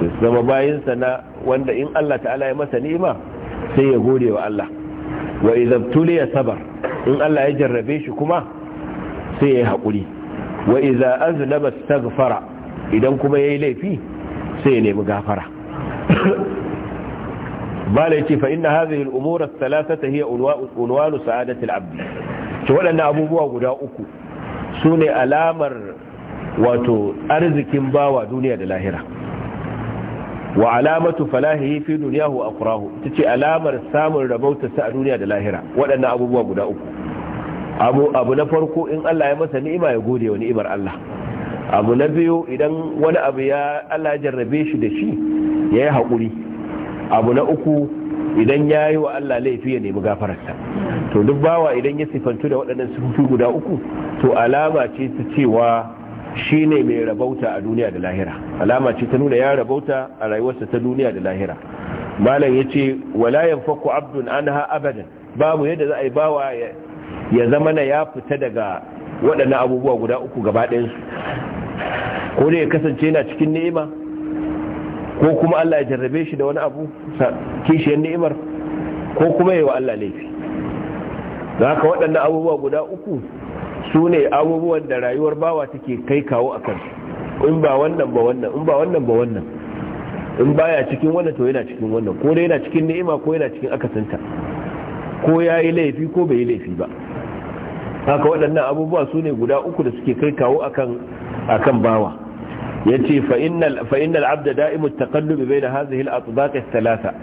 to zama bayinsa na wanda in Allah ta'ala ya masa ni'ima sai ya gode wa Allah wa idan ya sabar in Allah ya jarrabe shi kuma sai ya haƙuri wa idan aznaba staghfara idan kuma yayi laifi sai ya nemi gafara bala yace fa inna hadhihi al-umura ath-thalathata hiya unwanu sa'adati al-'abd to wadannan abubuwa guda uku sune alamar wato arzikin bawa duniya da lahira wa alamatu falahihi fi dunyahu ita tace alamar samun rabauta sa a duniya da lahira waɗannan abubuwa guda uku abu abu na farko in Allah ya masa ni'ima ya gode wa ni'imar Allah abu na biyu idan wani abu ya Allah ya jarrabe shi da shi ya yi haƙuri abu na uku idan ya yi wa Allah laifi ya nemi gafararsa to duk bawa idan ya sifantu da waɗannan sifofi guda uku to alama ce ta cewa shi ne mai rabauta a duniya da lahira alama ce ta nuna ya rabauta a rayuwarsa ta duniya da lahira malam ya ce walayen fakku abdun an ha abadan babu yadda za a yi bawa ya zama na ya fita daga waɗannan abubuwa guda uku gaba ɗayansu ko ne ya kasance yana cikin ni'ima ko kuma allah ya jarrabe shi da wani abu kishiyar ni'imar ko kuma ya yi wa allah laifi za ka waɗannan abubuwa guda uku su ne abubuwan da rayuwar bawa take kai kawo a kansu in ba wannan ba wannan in ba wannan ba wannan in baya cikin wannan to yana cikin wannan ko dai yana cikin ni'ima ko yana cikin akasinta ko ya yi laifi ko bai yi laifi ba haka waɗannan abubuwa su ne guda uku da suke kai kawo akan kan bawa yace fa innal fa innal abda da'imu taqallubi bayna hadhihi al-atbaq ath-thalatha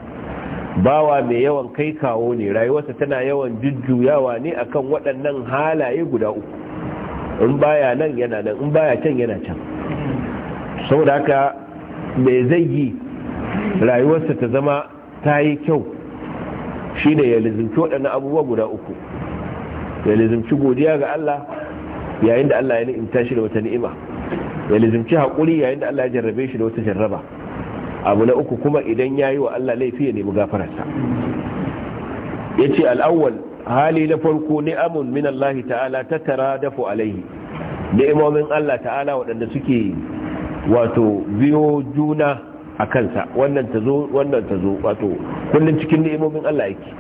bawa mai yawan kai kawo ne rayuwarsa tana yawan jujjuyawa ne akan waɗannan halaye guda uku in baya nan yana nan in baya can yana can saboda haka mai zai yi rayuwarsa ta zama ta yi kyau shine ya lizinci waɗannan abubuwa guda uku ya lizinci godiya ga Allah yayin da Allah ya ni'imta shi da wata ni'ima ya lizinci haƙuri yayin da Allah ya jarrabe shi da wata jarraba abu na uku kuma idan ya yi wa Allah laifi ya nemi gafararsa ya ce al'awwal hali na farko ni'amun min Allah ta'ala ta tara dafu alaihi ni'imomin Allah ta'ala waɗanda suke wato biyo juna a kansa wannan ta zo wannan ta zo wato kullum cikin ni'imomin Allah yake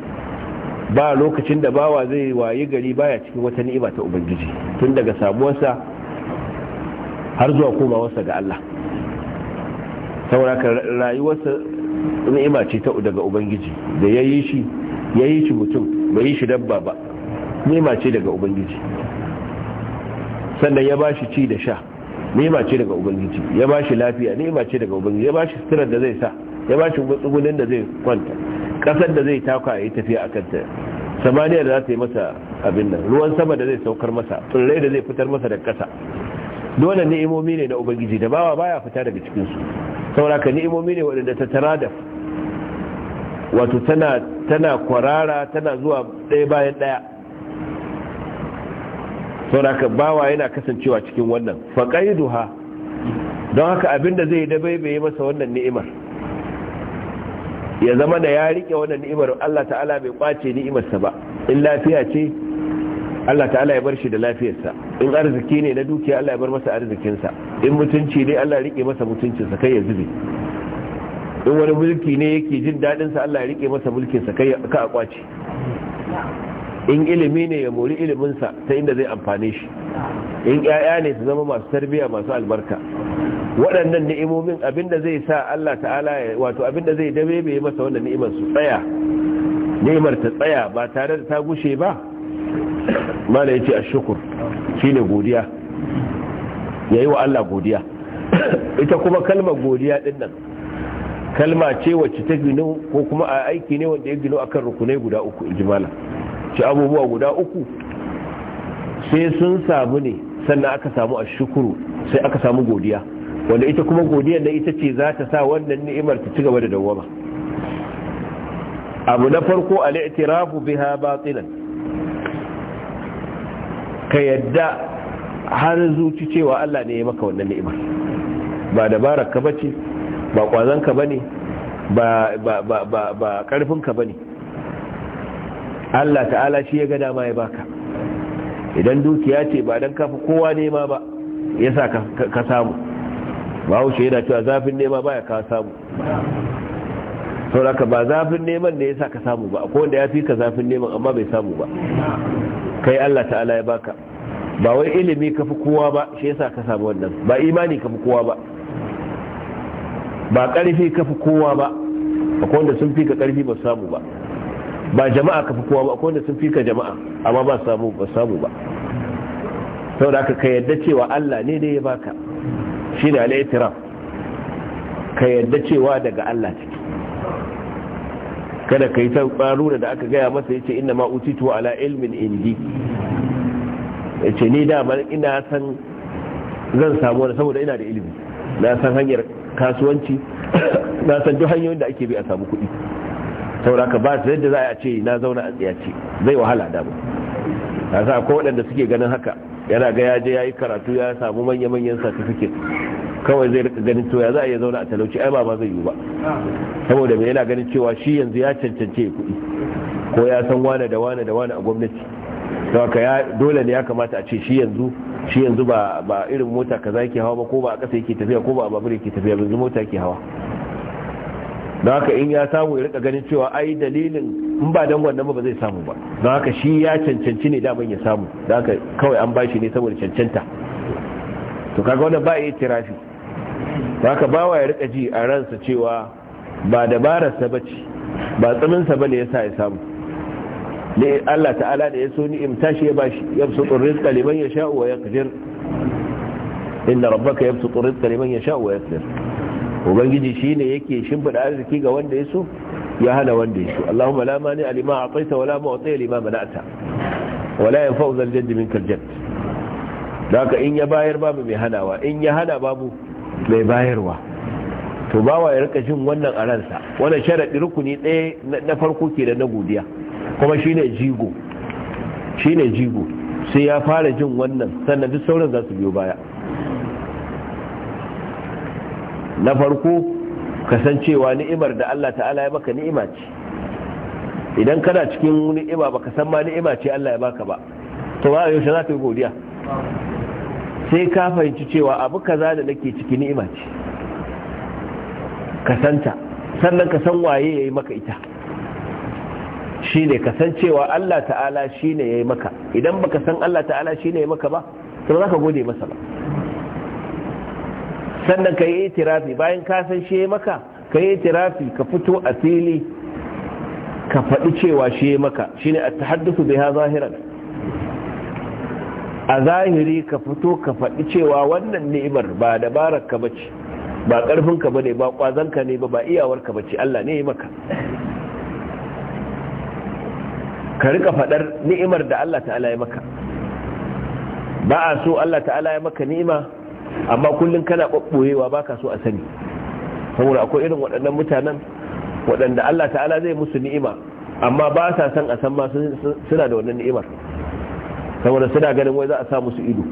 ba lokacin da bawa zai wayi gari baya cikin wata ni'ima ta ubangiji tun daga samuwarsa har zuwa komawarsa ga Allah saboda rayuwarsa ni'ima ce ta daga ubangiji da ya yi shi ya yi shi mutum bai yi shi dabba ba ni'ima ce daga ubangiji sannan ya ba shi ci da sha ni'ima ce daga ubangiji ya ba shi lafiya ni'ima ce daga ubangiji ya ba shi suturar da zai sa ya ba shi matsugunin da zai kwanta kasar da zai taka ya yi tafiya a kanta samaniya da za ta yi masa abin nan ruwan sama da zai saukar masa tsirrai da zai fitar masa da kasa dole ni'imomi ne na ubangiji da bawa baya fita daga cikinsu saboda ka ni'imomi ne waɗanda ta tarada wato tana kwarara tana zuwa ɗaya bayan ɗaya saboda ka bawa yana kasancewa cikin wannan duha don haka abinda zai bai ya masa wannan ni'imar ya zama da ya riƙe wannan ni'imar Allah ta'ala bai ƙwace ni'imarsa ba in lafiya ce Allah ta'ala ya bar shi da lafiyarsa in arziki ne na dukiya Allah ya bar masa arzikinsa in mutunci ne Allah ya rike masa mutuncinsa kai ya zube in wani mulki ne yake jin daɗinsa Allah ya rike masa mulkinsa kai ka a kwace in ilimi ne ya mori iliminsa ta inda zai amfane shi in ƴaƴa ne su zama masu tarbiyya masu albarka waɗannan ni'imomin abinda zai sa Allah ta'ala wato abinda zai dabebe masa wannan ni'imar su tsaya ni'imar ta tsaya ba tare da ta gushe ba mala yace shi shine godiya yayi wa Allah godiya ita kuma kalmar godiya din nan kalma ce wacce ta gino ko kuma a aiki ne wanda ya gino akan rukunai guda uku ijmala ci abubuwa guda uku sai sun samu ne sannan aka samu Ashukuru sai aka samu godiya wanda ita kuma godiyar da ita ce za ta sa wannan ni'imar ta ci gaba da dawwama abu na farko al-i'tirafu biha batilan ka yadda har zuci cewa Allah ne ya maka wannan ni'imar ba dabarar ka bace ba kwazon ka bane ba ba ba ba, ba karfin ka bane Allah ta'ala shi ya ga dama ya baka idan dukiya ce ba dan kafa kowa nema ba yasa ka, ka, samu ba wuce yana cewa zafin nema baya ka samu sauraka ba zafin neman da sa ka samu ba akwai wanda ya fi ka zafin neman amma bai samu ba kai Allah ta'ala ya baka ba wai ilimi ka fi kowa ba shi yasa ka samu wannan ba imani ka fi kowa ba ba ƙarfi ka fi kowa ba akwai wanda sun fi ka ƙarfi ba samu ba ba jama'a ka fi kowa ba akwai wanda sun fi ka jama'a amma ba samu ba samu ba saboda da ka yadda cewa Allah ne ne ya baka shi al-i'tiraf ka yadda cewa daga Allah take kada ka yi ta karuna da aka gaya masa ya ce ina ma utitu ala ilmin indi ce ni dama ina san zan samu wani saboda ina da ilimi na san hanyar kasuwanci na san duk hanyoyin da ake bi a samu kuɗi saboda ka ba su yadda za a ce na zauna a ce. zai wahala da mu sa ko waɗanda suke ganin haka yana ga ya yi karatu ya samu manya-manyan certificate kawai zai rika ganin to ya za a iya zauna a talauci ai ba ma zai yi ba saboda mai yana ganin cewa shi yanzu ya cancance ya kuɗi ko ya san wane da wane da wane a gwamnati don haka ya dole ne ya kamata a ce shi yanzu shi yanzu ba ba irin mota kaza yake hawa ba ko ba a ƙasa yake tafiya ko ba a babur yake tafiya yanzu mota yake hawa don haka in ya samu ya rika ganin cewa ai dalilin in ba dan wannan ba zai samu ba don haka shi ya cancanci ne daman ya samu don haka kawai an bashi ne saboda cancanta to kaga wannan ba yi tirafi haka wa ya rika ji a ransa cewa ba dabararsa ba ce ba tsaminsa ba ne ya sa ya samu ne Allah ta'ala da ya so ni'imta shi ya ba shi ya fi sutun rizka liman ya sha'u wa ya kajir inda rabbaka ya fi sutun rizka liman ya sha'u wa ya kajir ubangiji shi ne yake shimfiɗa arziki ga wanda ya so ya hana wanda ya so Allahumma la mani alima a tsaita wala ma tsaye lima mana'ata wala ya fa'u zaljaddi min karjat da haka in ya bayar babu mai hanawa in ya hana babu mai bayarwa to bawa ya rika jin wannan a ransa wannan sharaɗi rukuni ɗaya na farko ke da na godiya kuma shine jigo shine jigo sai ya fara jin wannan sannan duk sauran za su biyo baya na farko kasancewa ni'imar da Allah ta'ala ya baka ni'ima ce idan kana cikin ni'ima baka san ma ni'ima ce Allah ya baka ba to ba yaushe za ka yi godiya sai ka fahimci cewa abu kaza da nake ciki ni'ima ce ka santa sannan ka san waye yayi maka ita shine ka san cewa Allah ta'ala shine yayi maka idan baka san Allah ta'ala shine yayi maka ba to za ka gode masa ba sannan ka yi itirafi bayan ka san shi yayi maka ka yi itirafi ka fito a fili ka faɗi cewa shi yayi maka shine at-tahaddathu biha zahiran a zahiri ka fito ka faɗi cewa wannan ni'imar ba dabarar ka bace ba ƙarfin ka bane ba ƙwazon ka ne ba ba iyawar ka bace Allah ne ya maka ka rika faɗar ni'imar da Allah ta'ala ya maka ba a so Allah ta'ala ya maka ni'ima amma kullum kana ɓaɓɓoyewa ba ka so a sani saboda akwai irin waɗannan mutanen waɗanda Allah ta'ala zai musu ni'ima amma ba sa san a san ma suna da wannan ni'imar saboda suna ganin wai za a sa musu ido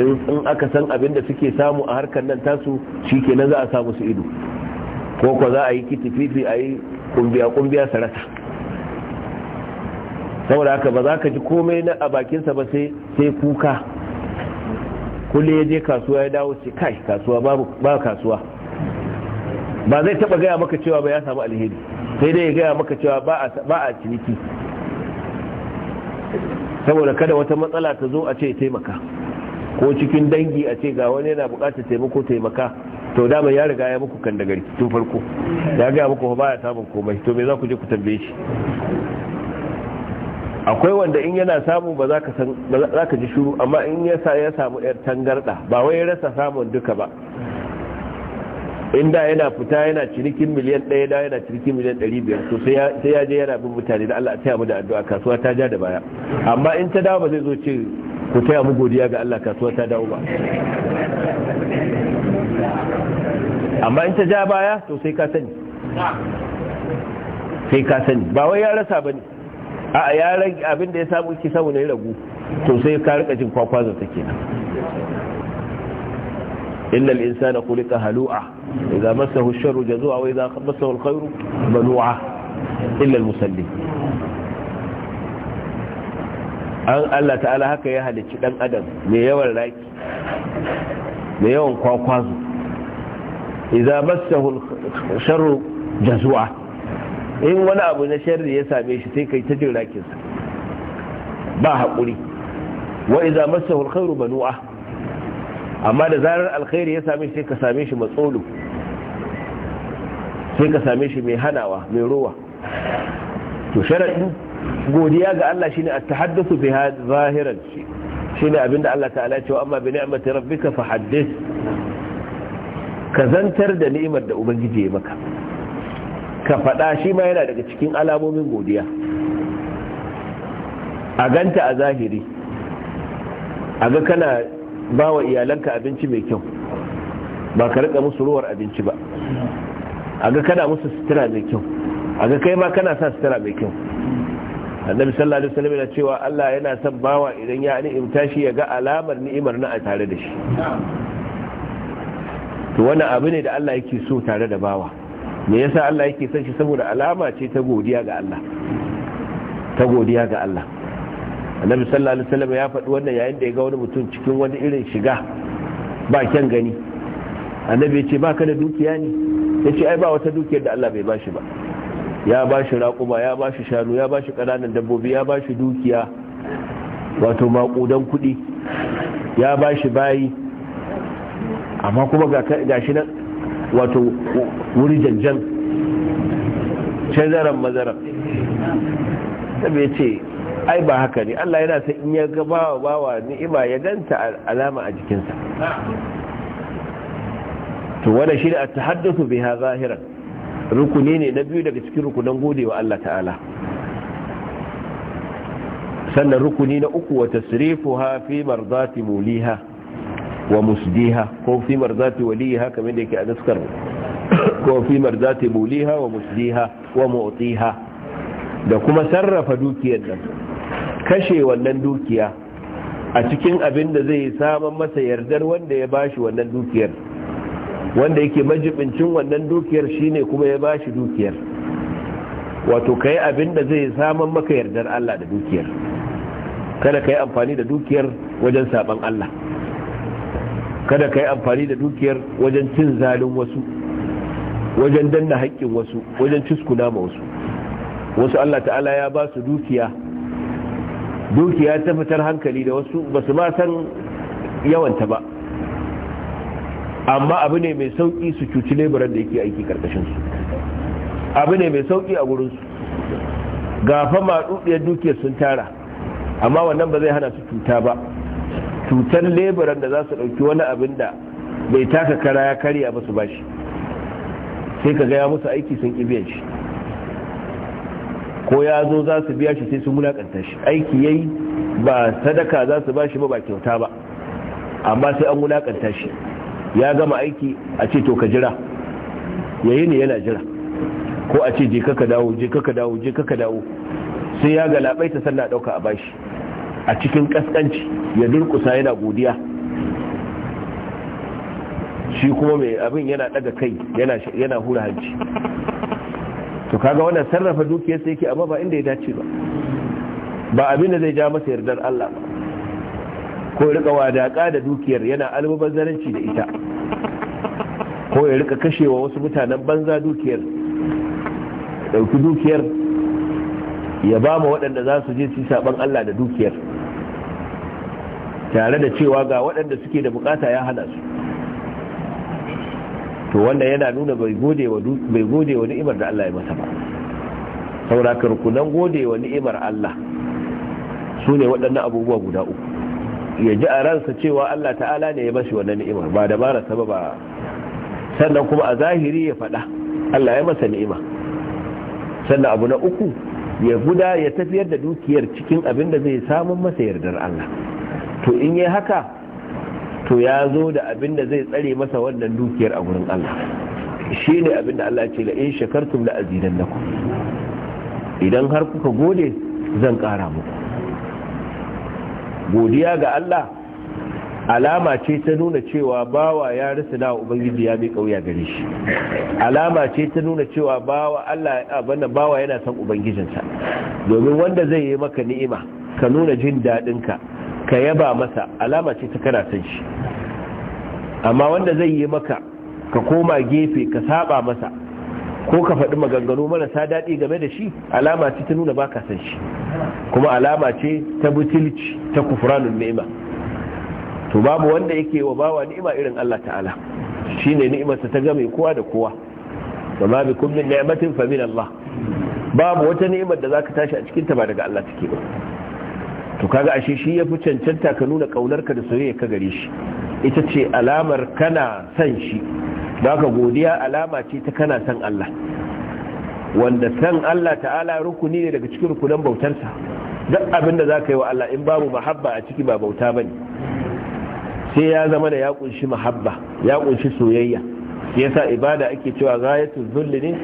in aka san abin da suke samu a harkar nan tasu shi kenan za a sa musu ido ko ko za a yi kitififi a yi kumbiya-kumbiya sarata saboda haka ba za ka ji komai na a bakinsa ba sai kuka kulle ya je kasuwa ya dawo ce kai kasuwa ba kasuwa ba zai taba gaya maka cewa ba ya samu alheri sai dai ya gaya maka cewa ba a ciniki saboda kada wata matsala ta zo a ce taimaka ko cikin dangi a ce ga wani yana bukatar taimako taimaka to dama ya riga ya muku kan da gari tun farko ya ga muku ba ya samun komai to me za ku je ku tambaye shi akwai wanda in yana samu ba za ka ji shuru amma in ya samu yar tangarda ba wai ya rasa samun duka ba inda yana fita yana cinikin miliyan ɗaya da yana cinikin miliyan ɗari biyar to sai ya je yana bin mutane da Allah taya mu da addu'a kasuwa ta ja da baya amma in ta dawo ba zai zo ce ku taya mu godiya ga Allah kasuwa ta dawo ba amma in ta ja baya to sai ka sani sai ka sani ba wai ya rasa ba ne a ya abin da ya samu ki samu ne ragu to sai ka rika jin kwakwazo take nan إن الإنسان خلق هلوعا إذا مسه الشر جزوعا وإذا مسه الخير منوعا إلا المسلم an Allah ta'ala haka ya halicci dan adam mai yawan raki mai yawan kwakwazo idza massahu sharru jazua in wani abu na da ya same shi sai kai ta jin rakin ba hakuri wa idza massahu alkhairu manu'a amma da zarar alkhairi ya same shi sai ka same shi matsolo sai ka same shi mai hanawa mai ruwa to sharadin godiya ga Allah shine at-tahaddathu bi zahiran shine abinda Allah ta'ala ya ce amma bi ni'mati rabbika fa haddith ka zantar da ni'imar da ubangiji ya maka ka fada shi ma yana daga cikin alamomin godiya a ganta a zahiri a ga kana ba wa iyalanka abinci mai kyau ba ka rika musu ruwar abinci ba a ga kana musu sutura mai kyau a ga kai ma kana sa sutura mai kyau annabi sallallahu alaihi wasallam yana cewa Allah yana son bawa idan ya ni'imta shi ya ga alamar ni'imar na a tare da shi to wannan abu ne da Allah yake so tare da bawa me yasa Allah yake son shi saboda alama ce ta godiya ga Allah ta godiya ga Allah annabi sallallahu alaihi wasallam ya faɗi wannan yayin da ya ga wani mutum cikin wani irin shiga ba kyan gani annabi ya ce ba ka da dukiya ne ya ce ai ba wata dukiyar da Allah bai bashi ba ya bashi raƙuma ya bashi shanu ya bashi ƙananan dabbobi ya bashi dukiya wato maƙudan kuɗi ya bashi bayi amma kuma ga shi nan wato wuri janjan canzaran mazara sabi ya ce ai ba haka ne Allah yana sa in ya ga bawa bawa ni'ima ya ganta alama a jikinsa to wanda shi ne a tahaddathu biha zahiran rukuni ne na biyu daga cikin rukunan godewa Allah ta'ala sannan rukuni na uku wa tasrifuha fi mardati muliha wa musdiha ko fi mardati waliha kamar da yake a naskar ko fi mardati muliha wa musdiha wa mu'tiha da kuma sarrafa dukiyar nan kashe wannan dukiya a cikin abin da zai saman masa yardar wanda ya bashi wannan dukiyar wanda yake majibincin wannan dukiyar shine kuma ya bashi dukiyar wato kai abin da zai saman maka yardar Allah da dukiyar kada kai amfani da dukiyar wajen saban Allah kada kai amfani da dukiyar wajen cin zalin wasu wajen danna haƙƙin wasu wajen ciskuna ma wasu wasu Allah ta'ala ya ba su dukiya dukiya ta fitar hankali da wasu ba su ba san yawanta ba amma abu ne mai sauki su cuci leburan da yake aiki su abu ne mai sauki a gurinsu gafa maɗuɗiyar dukiyar sun tara amma wannan ba zai hana su cuta ba cutar leburan da za su ɗauki wani abin da bai taka kara ya karya ba su bashi sai ka gaya musu aiki sun ƙi biyan shi ko ya zo za su biya shi sai sun wulakanta shi aiki ya yi ba sadaka za su ba shi ba ba kyauta ba amma sai an wulakanta shi ya gama aiki a ce to ka jira yayi ne yana jira ko a ce je ka dawo je ka dawo je ka dawo sai ya ta sallah dauka a bashi a cikin kaskanci ya durkusa yana godiya shi kuma mai abin yana daga kai yana hura hanci to kaga wannan sarrafa dukiyar dukiyarsa yake amma ba inda ya dace ba ba abin da zai ja masa yardar Allah ba ko rika wadaka da dukiyar yana almubazzaranci da ita ko ya rika kashewa wasu mutanen banza dukiyar dauki dukiyar ya ba mu waɗanda za su je su saban Allah da dukiyar tare da cewa ga waɗanda suke da bukata ya hana su to wanda yana nuna bai gode wa ni'imar da Allah ya masa ba saboda rukunan gode wa ni'imar Allah su ne waɗannan abubuwa guda uku ya ji a ransa cewa Allah ta'ala ne ya bashi wannan ni'imar ba da bara saba ba sannan kuma a zahiri ya faɗa Allah ya masa ni'ima sannan abu na uku ya guda ya tafiyar da dukiyar cikin abin da zai samu masa yardar Allah to in yi haka to ya zo da abin da zai tsare masa wannan dukiyar a gurin Allah shi ne abin da Allah ce la in shakartum la azidannakum idan har kuka gode zan kara muku godiya ga Allah alama ce ta nuna cewa bawa ya rasa da ubangiji ya bi kauya gare shi alama ce ta nuna cewa bawa Allah abinda bawa yana son ubangijinsa domin wanda zai yi maka ni'ima ka nuna jin daɗin ka ka yaba masa alama ce ta kana son shi amma wanda zai yi maka ka koma gefe ka saba masa ko ka faɗi maganganu marasa daɗi game da shi alama ce ta nuna baka son shi kuma alama ce ta butulci ta kufranul ni'ima to babu wanda yake wa bawa ni'ima irin Allah ta'ala shine ni'imarsa ta game kowa da kowa wa ma bi kullin ni'matin fa min Allah babu wata ni'imar da zaka tashi a cikin ta ba daga Allah take ba to kaga ashe shi yafi cancanta ka nuna kaunarka da soyayya ka gare shi ita ce alamar kana san shi Baka godiya alama ce ta kana san Allah wanda san Allah ta'ala rukuni ne daga cikin rukunan bautarsa duk abin da zaka yi wa Allah in babu mahabba a ciki ba bauta bane sai ya zama da ya kunshi mahabba ya kunshi soyayya yasa ibada ake cewa ghayatul zulli ne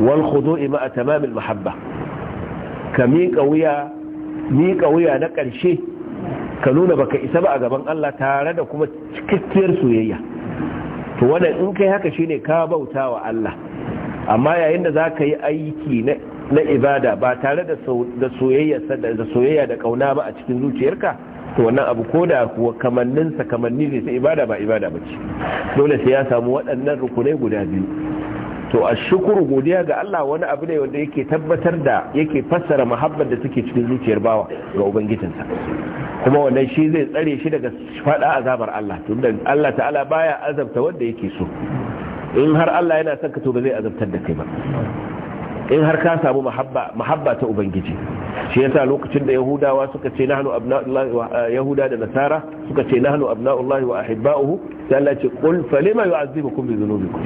wal khudu'i a tamamil mahabba ka miƙa wuya miƙa na ƙarshe ka nuna baka isa ba a gaban Allah tare da kuma cikakkiyar soyayya to wannan in kai haka shine ka bauta wa Allah amma yayin da zaka yi aiki na na ibada ba tare da soyayya da soyayya da kauna ba a cikin zuciyarka to wannan abu ko da kuwa kamanninsa kamanni ne sai ibada ba ibada ba ce dole sai ya samu waɗannan rukunai guda biyu to a shukuru godiya ga Allah wani abu ne wanda yake tabbatar da yake fassara muhabbar da suke cikin zuciyar bawa ga ubangijinsa kuma wannan shi zai tsare shi daga faɗa azabar Allah tunda Allah ta'ala baya azabta wanda yake so in har Allah yana son ka to ba zai azabtar da kai ba in har ka samu mahabba ta ubangiji shi yasa lokacin da yahudawa suka ce nahnu abna'ullahi wa eh, yahuda da nasara suka ce nahnu abna'ullahi wa ahibba'uhu sai Allah ce qul falima yu'azzibukum bi dhunubikum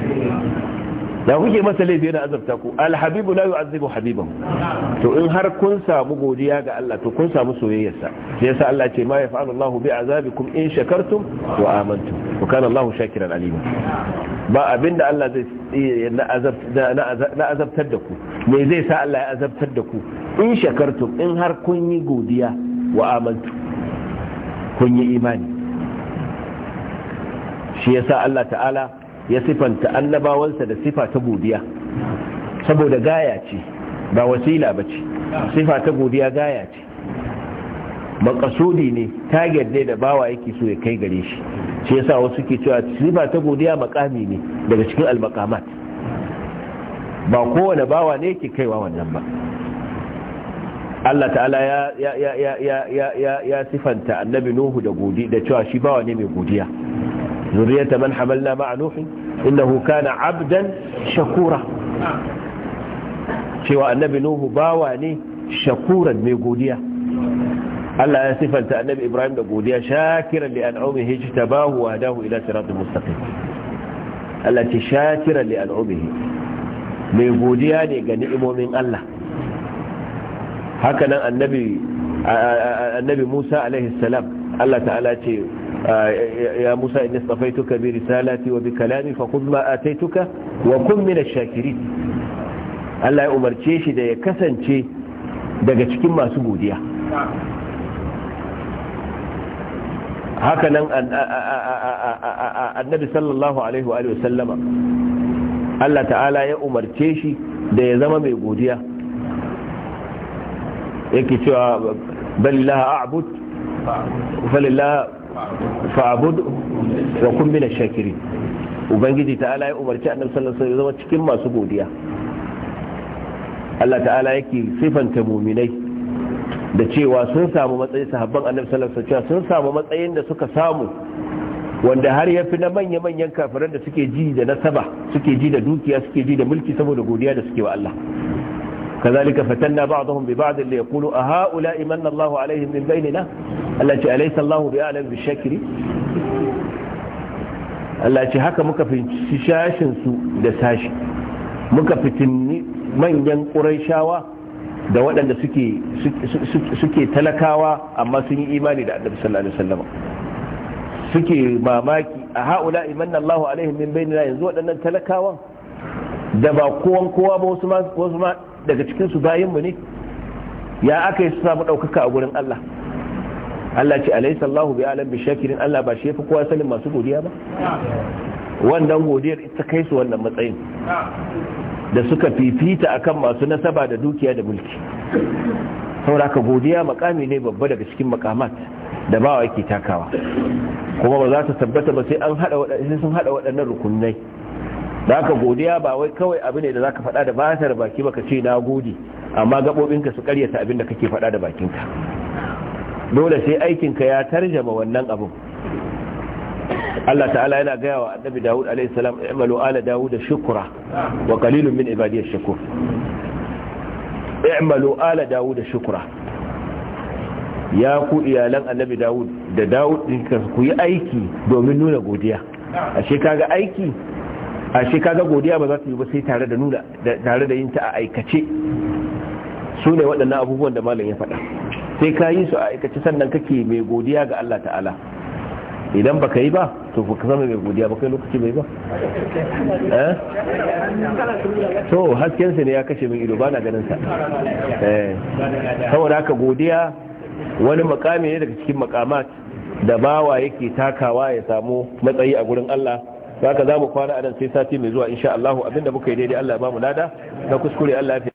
da kuke masa laifi yana azabta ku alhabibu la yu'azzibu habiban to in har kun samu godiya ga Allah to kun samu soyayyarsa sai yasa Allah ce ma yaf'alu Allahu bi azabikum in shakartum wa amantum wa kana Allahu shakiran alim ba abinda Allah zai na azabtar da ku me zai sa Allah ya azabtar da ku in shakartum in har kun yi godiya wa amantum kun yi imani shi yasa Allah ta'ala ya sifanta annabawansa da sifa ta godiya saboda gaya ce ba wasila ba ce sifa ta godiya gaya ce makasudi ne target ne da bawa yake so ya kai gare shi shi yasa wasu ke cewa sifa ta godiya makami ne daga cikin almakamat ba kowane bawa ne yake kaiwa wannan ba Allah ta'ala ya ya ya ya ya ya sifanta annabi Nuhu da godi da cewa shi bawa ne mai godiya nuriyata man hamalna ma'a nuhin innahu kana abdan shakura cewa annabi nuhu bawa ne shakuran mai godiya Allah ya sifanta annabi Ibrahim da godiya shakiran li an'umihi jtabahu wa hadahu ila siratal mustaqim Allah ce shakiran li an'umihi mai godiya ne ga ni'imomin Allah hakanan nan Musa alaihi salam Allah ta'ala ce ya musa in istafaituka bi risalati kalami fa khudh ataituka wa kun min shakirin Allah ya umarce shi da ya kasance daga cikin masu godiya hakanan annabi sallallahu alaihi wa sallama Allah ya umarce shi da ya zama mai godiya yake cewa balillaha a'bud falillaha fa'abudu wa kun bi ubangiji ta'ala ya umarci annabi sallallahu alaihi zama cikin masu godiya Allah ta'ala yake sifanta muminai da cewa sun samu matsayin sahabban annabi sallallahu alaihi wasallam sun samu matsayin da suka samu wanda har yafi fi na manya-manyan kafiran da suke ji da nasaba suke ji da dukiya suke ji da mulki saboda godiya da suke wa Allah كذلك فتنا بعضهم ببعض اللي يقولوا أهؤلاء من الله عليهم من بيننا التي أليس الله بأعلم بالشكر التي هكا مكفي شاش سوء دساش مكفي تني من ينقري da waɗanda suke talakawa amma sun yi imani da annabi sallallahu alaihi wasallam suke mamaki a haula imanna Allahu alaihim min bainina yanzu waɗannan talakawan da ba kowan kowa ba wasu ma daga cikinsu bayanmu ne ya aka yi su samu ɗaukaka a gurin Allah Allah ce alaisa Allahu bi alam bi shakirin Allah ba shi yafi kowa sanin masu godiya ba wannan godiyar ita kai su wannan matsayin da suka fifita akan masu nasaba da dukiya da mulki ka godiya makami ne babba daga cikin makamat da bawa yake takawa kuma ba za ta tabbata ba sai an hada waɗannan rukunai da haka godiya ba wai kawai abin ne da zaka faɗa da batar baki baka ce na gode amma gaɓoɓinka su ƙaryata abin da kake faɗa da bakinka dole sai aikinka ya tarjama wannan abin Allah ta'ala yana gaya wa annabi Dawud alaihi salam i'malu ala Dawud shukra wa qalilun min ibadiyash shakur i'malu ala Dawud shukra ya ku iyalan annabi Dawud da Dawud din ku yi aiki domin nuna godiya ashe kaga aiki a shi kaga godiya ba za su yi ba sai tare da nuna tare da yin ta a aikace su ne waɗannan abubuwan da malam ya faɗa sai ka yi su a aikace sannan kake mai godiya ga Allah ta'ala idan baka yi ba to ka zama mai godiya ba kai lokaci bai ba eh? to haskensa ne ya kashe min ido ba na ganin sa eh. saboda haka godiya wani makami ne daga cikin makamat da bawa yake takawa ya samu matsayi a gurin Allah haka za mu kwana a nan sai sati mai zuwa insha Allah abinda muka yi daidai Allah ya ba mu lada na kuskure Allah ya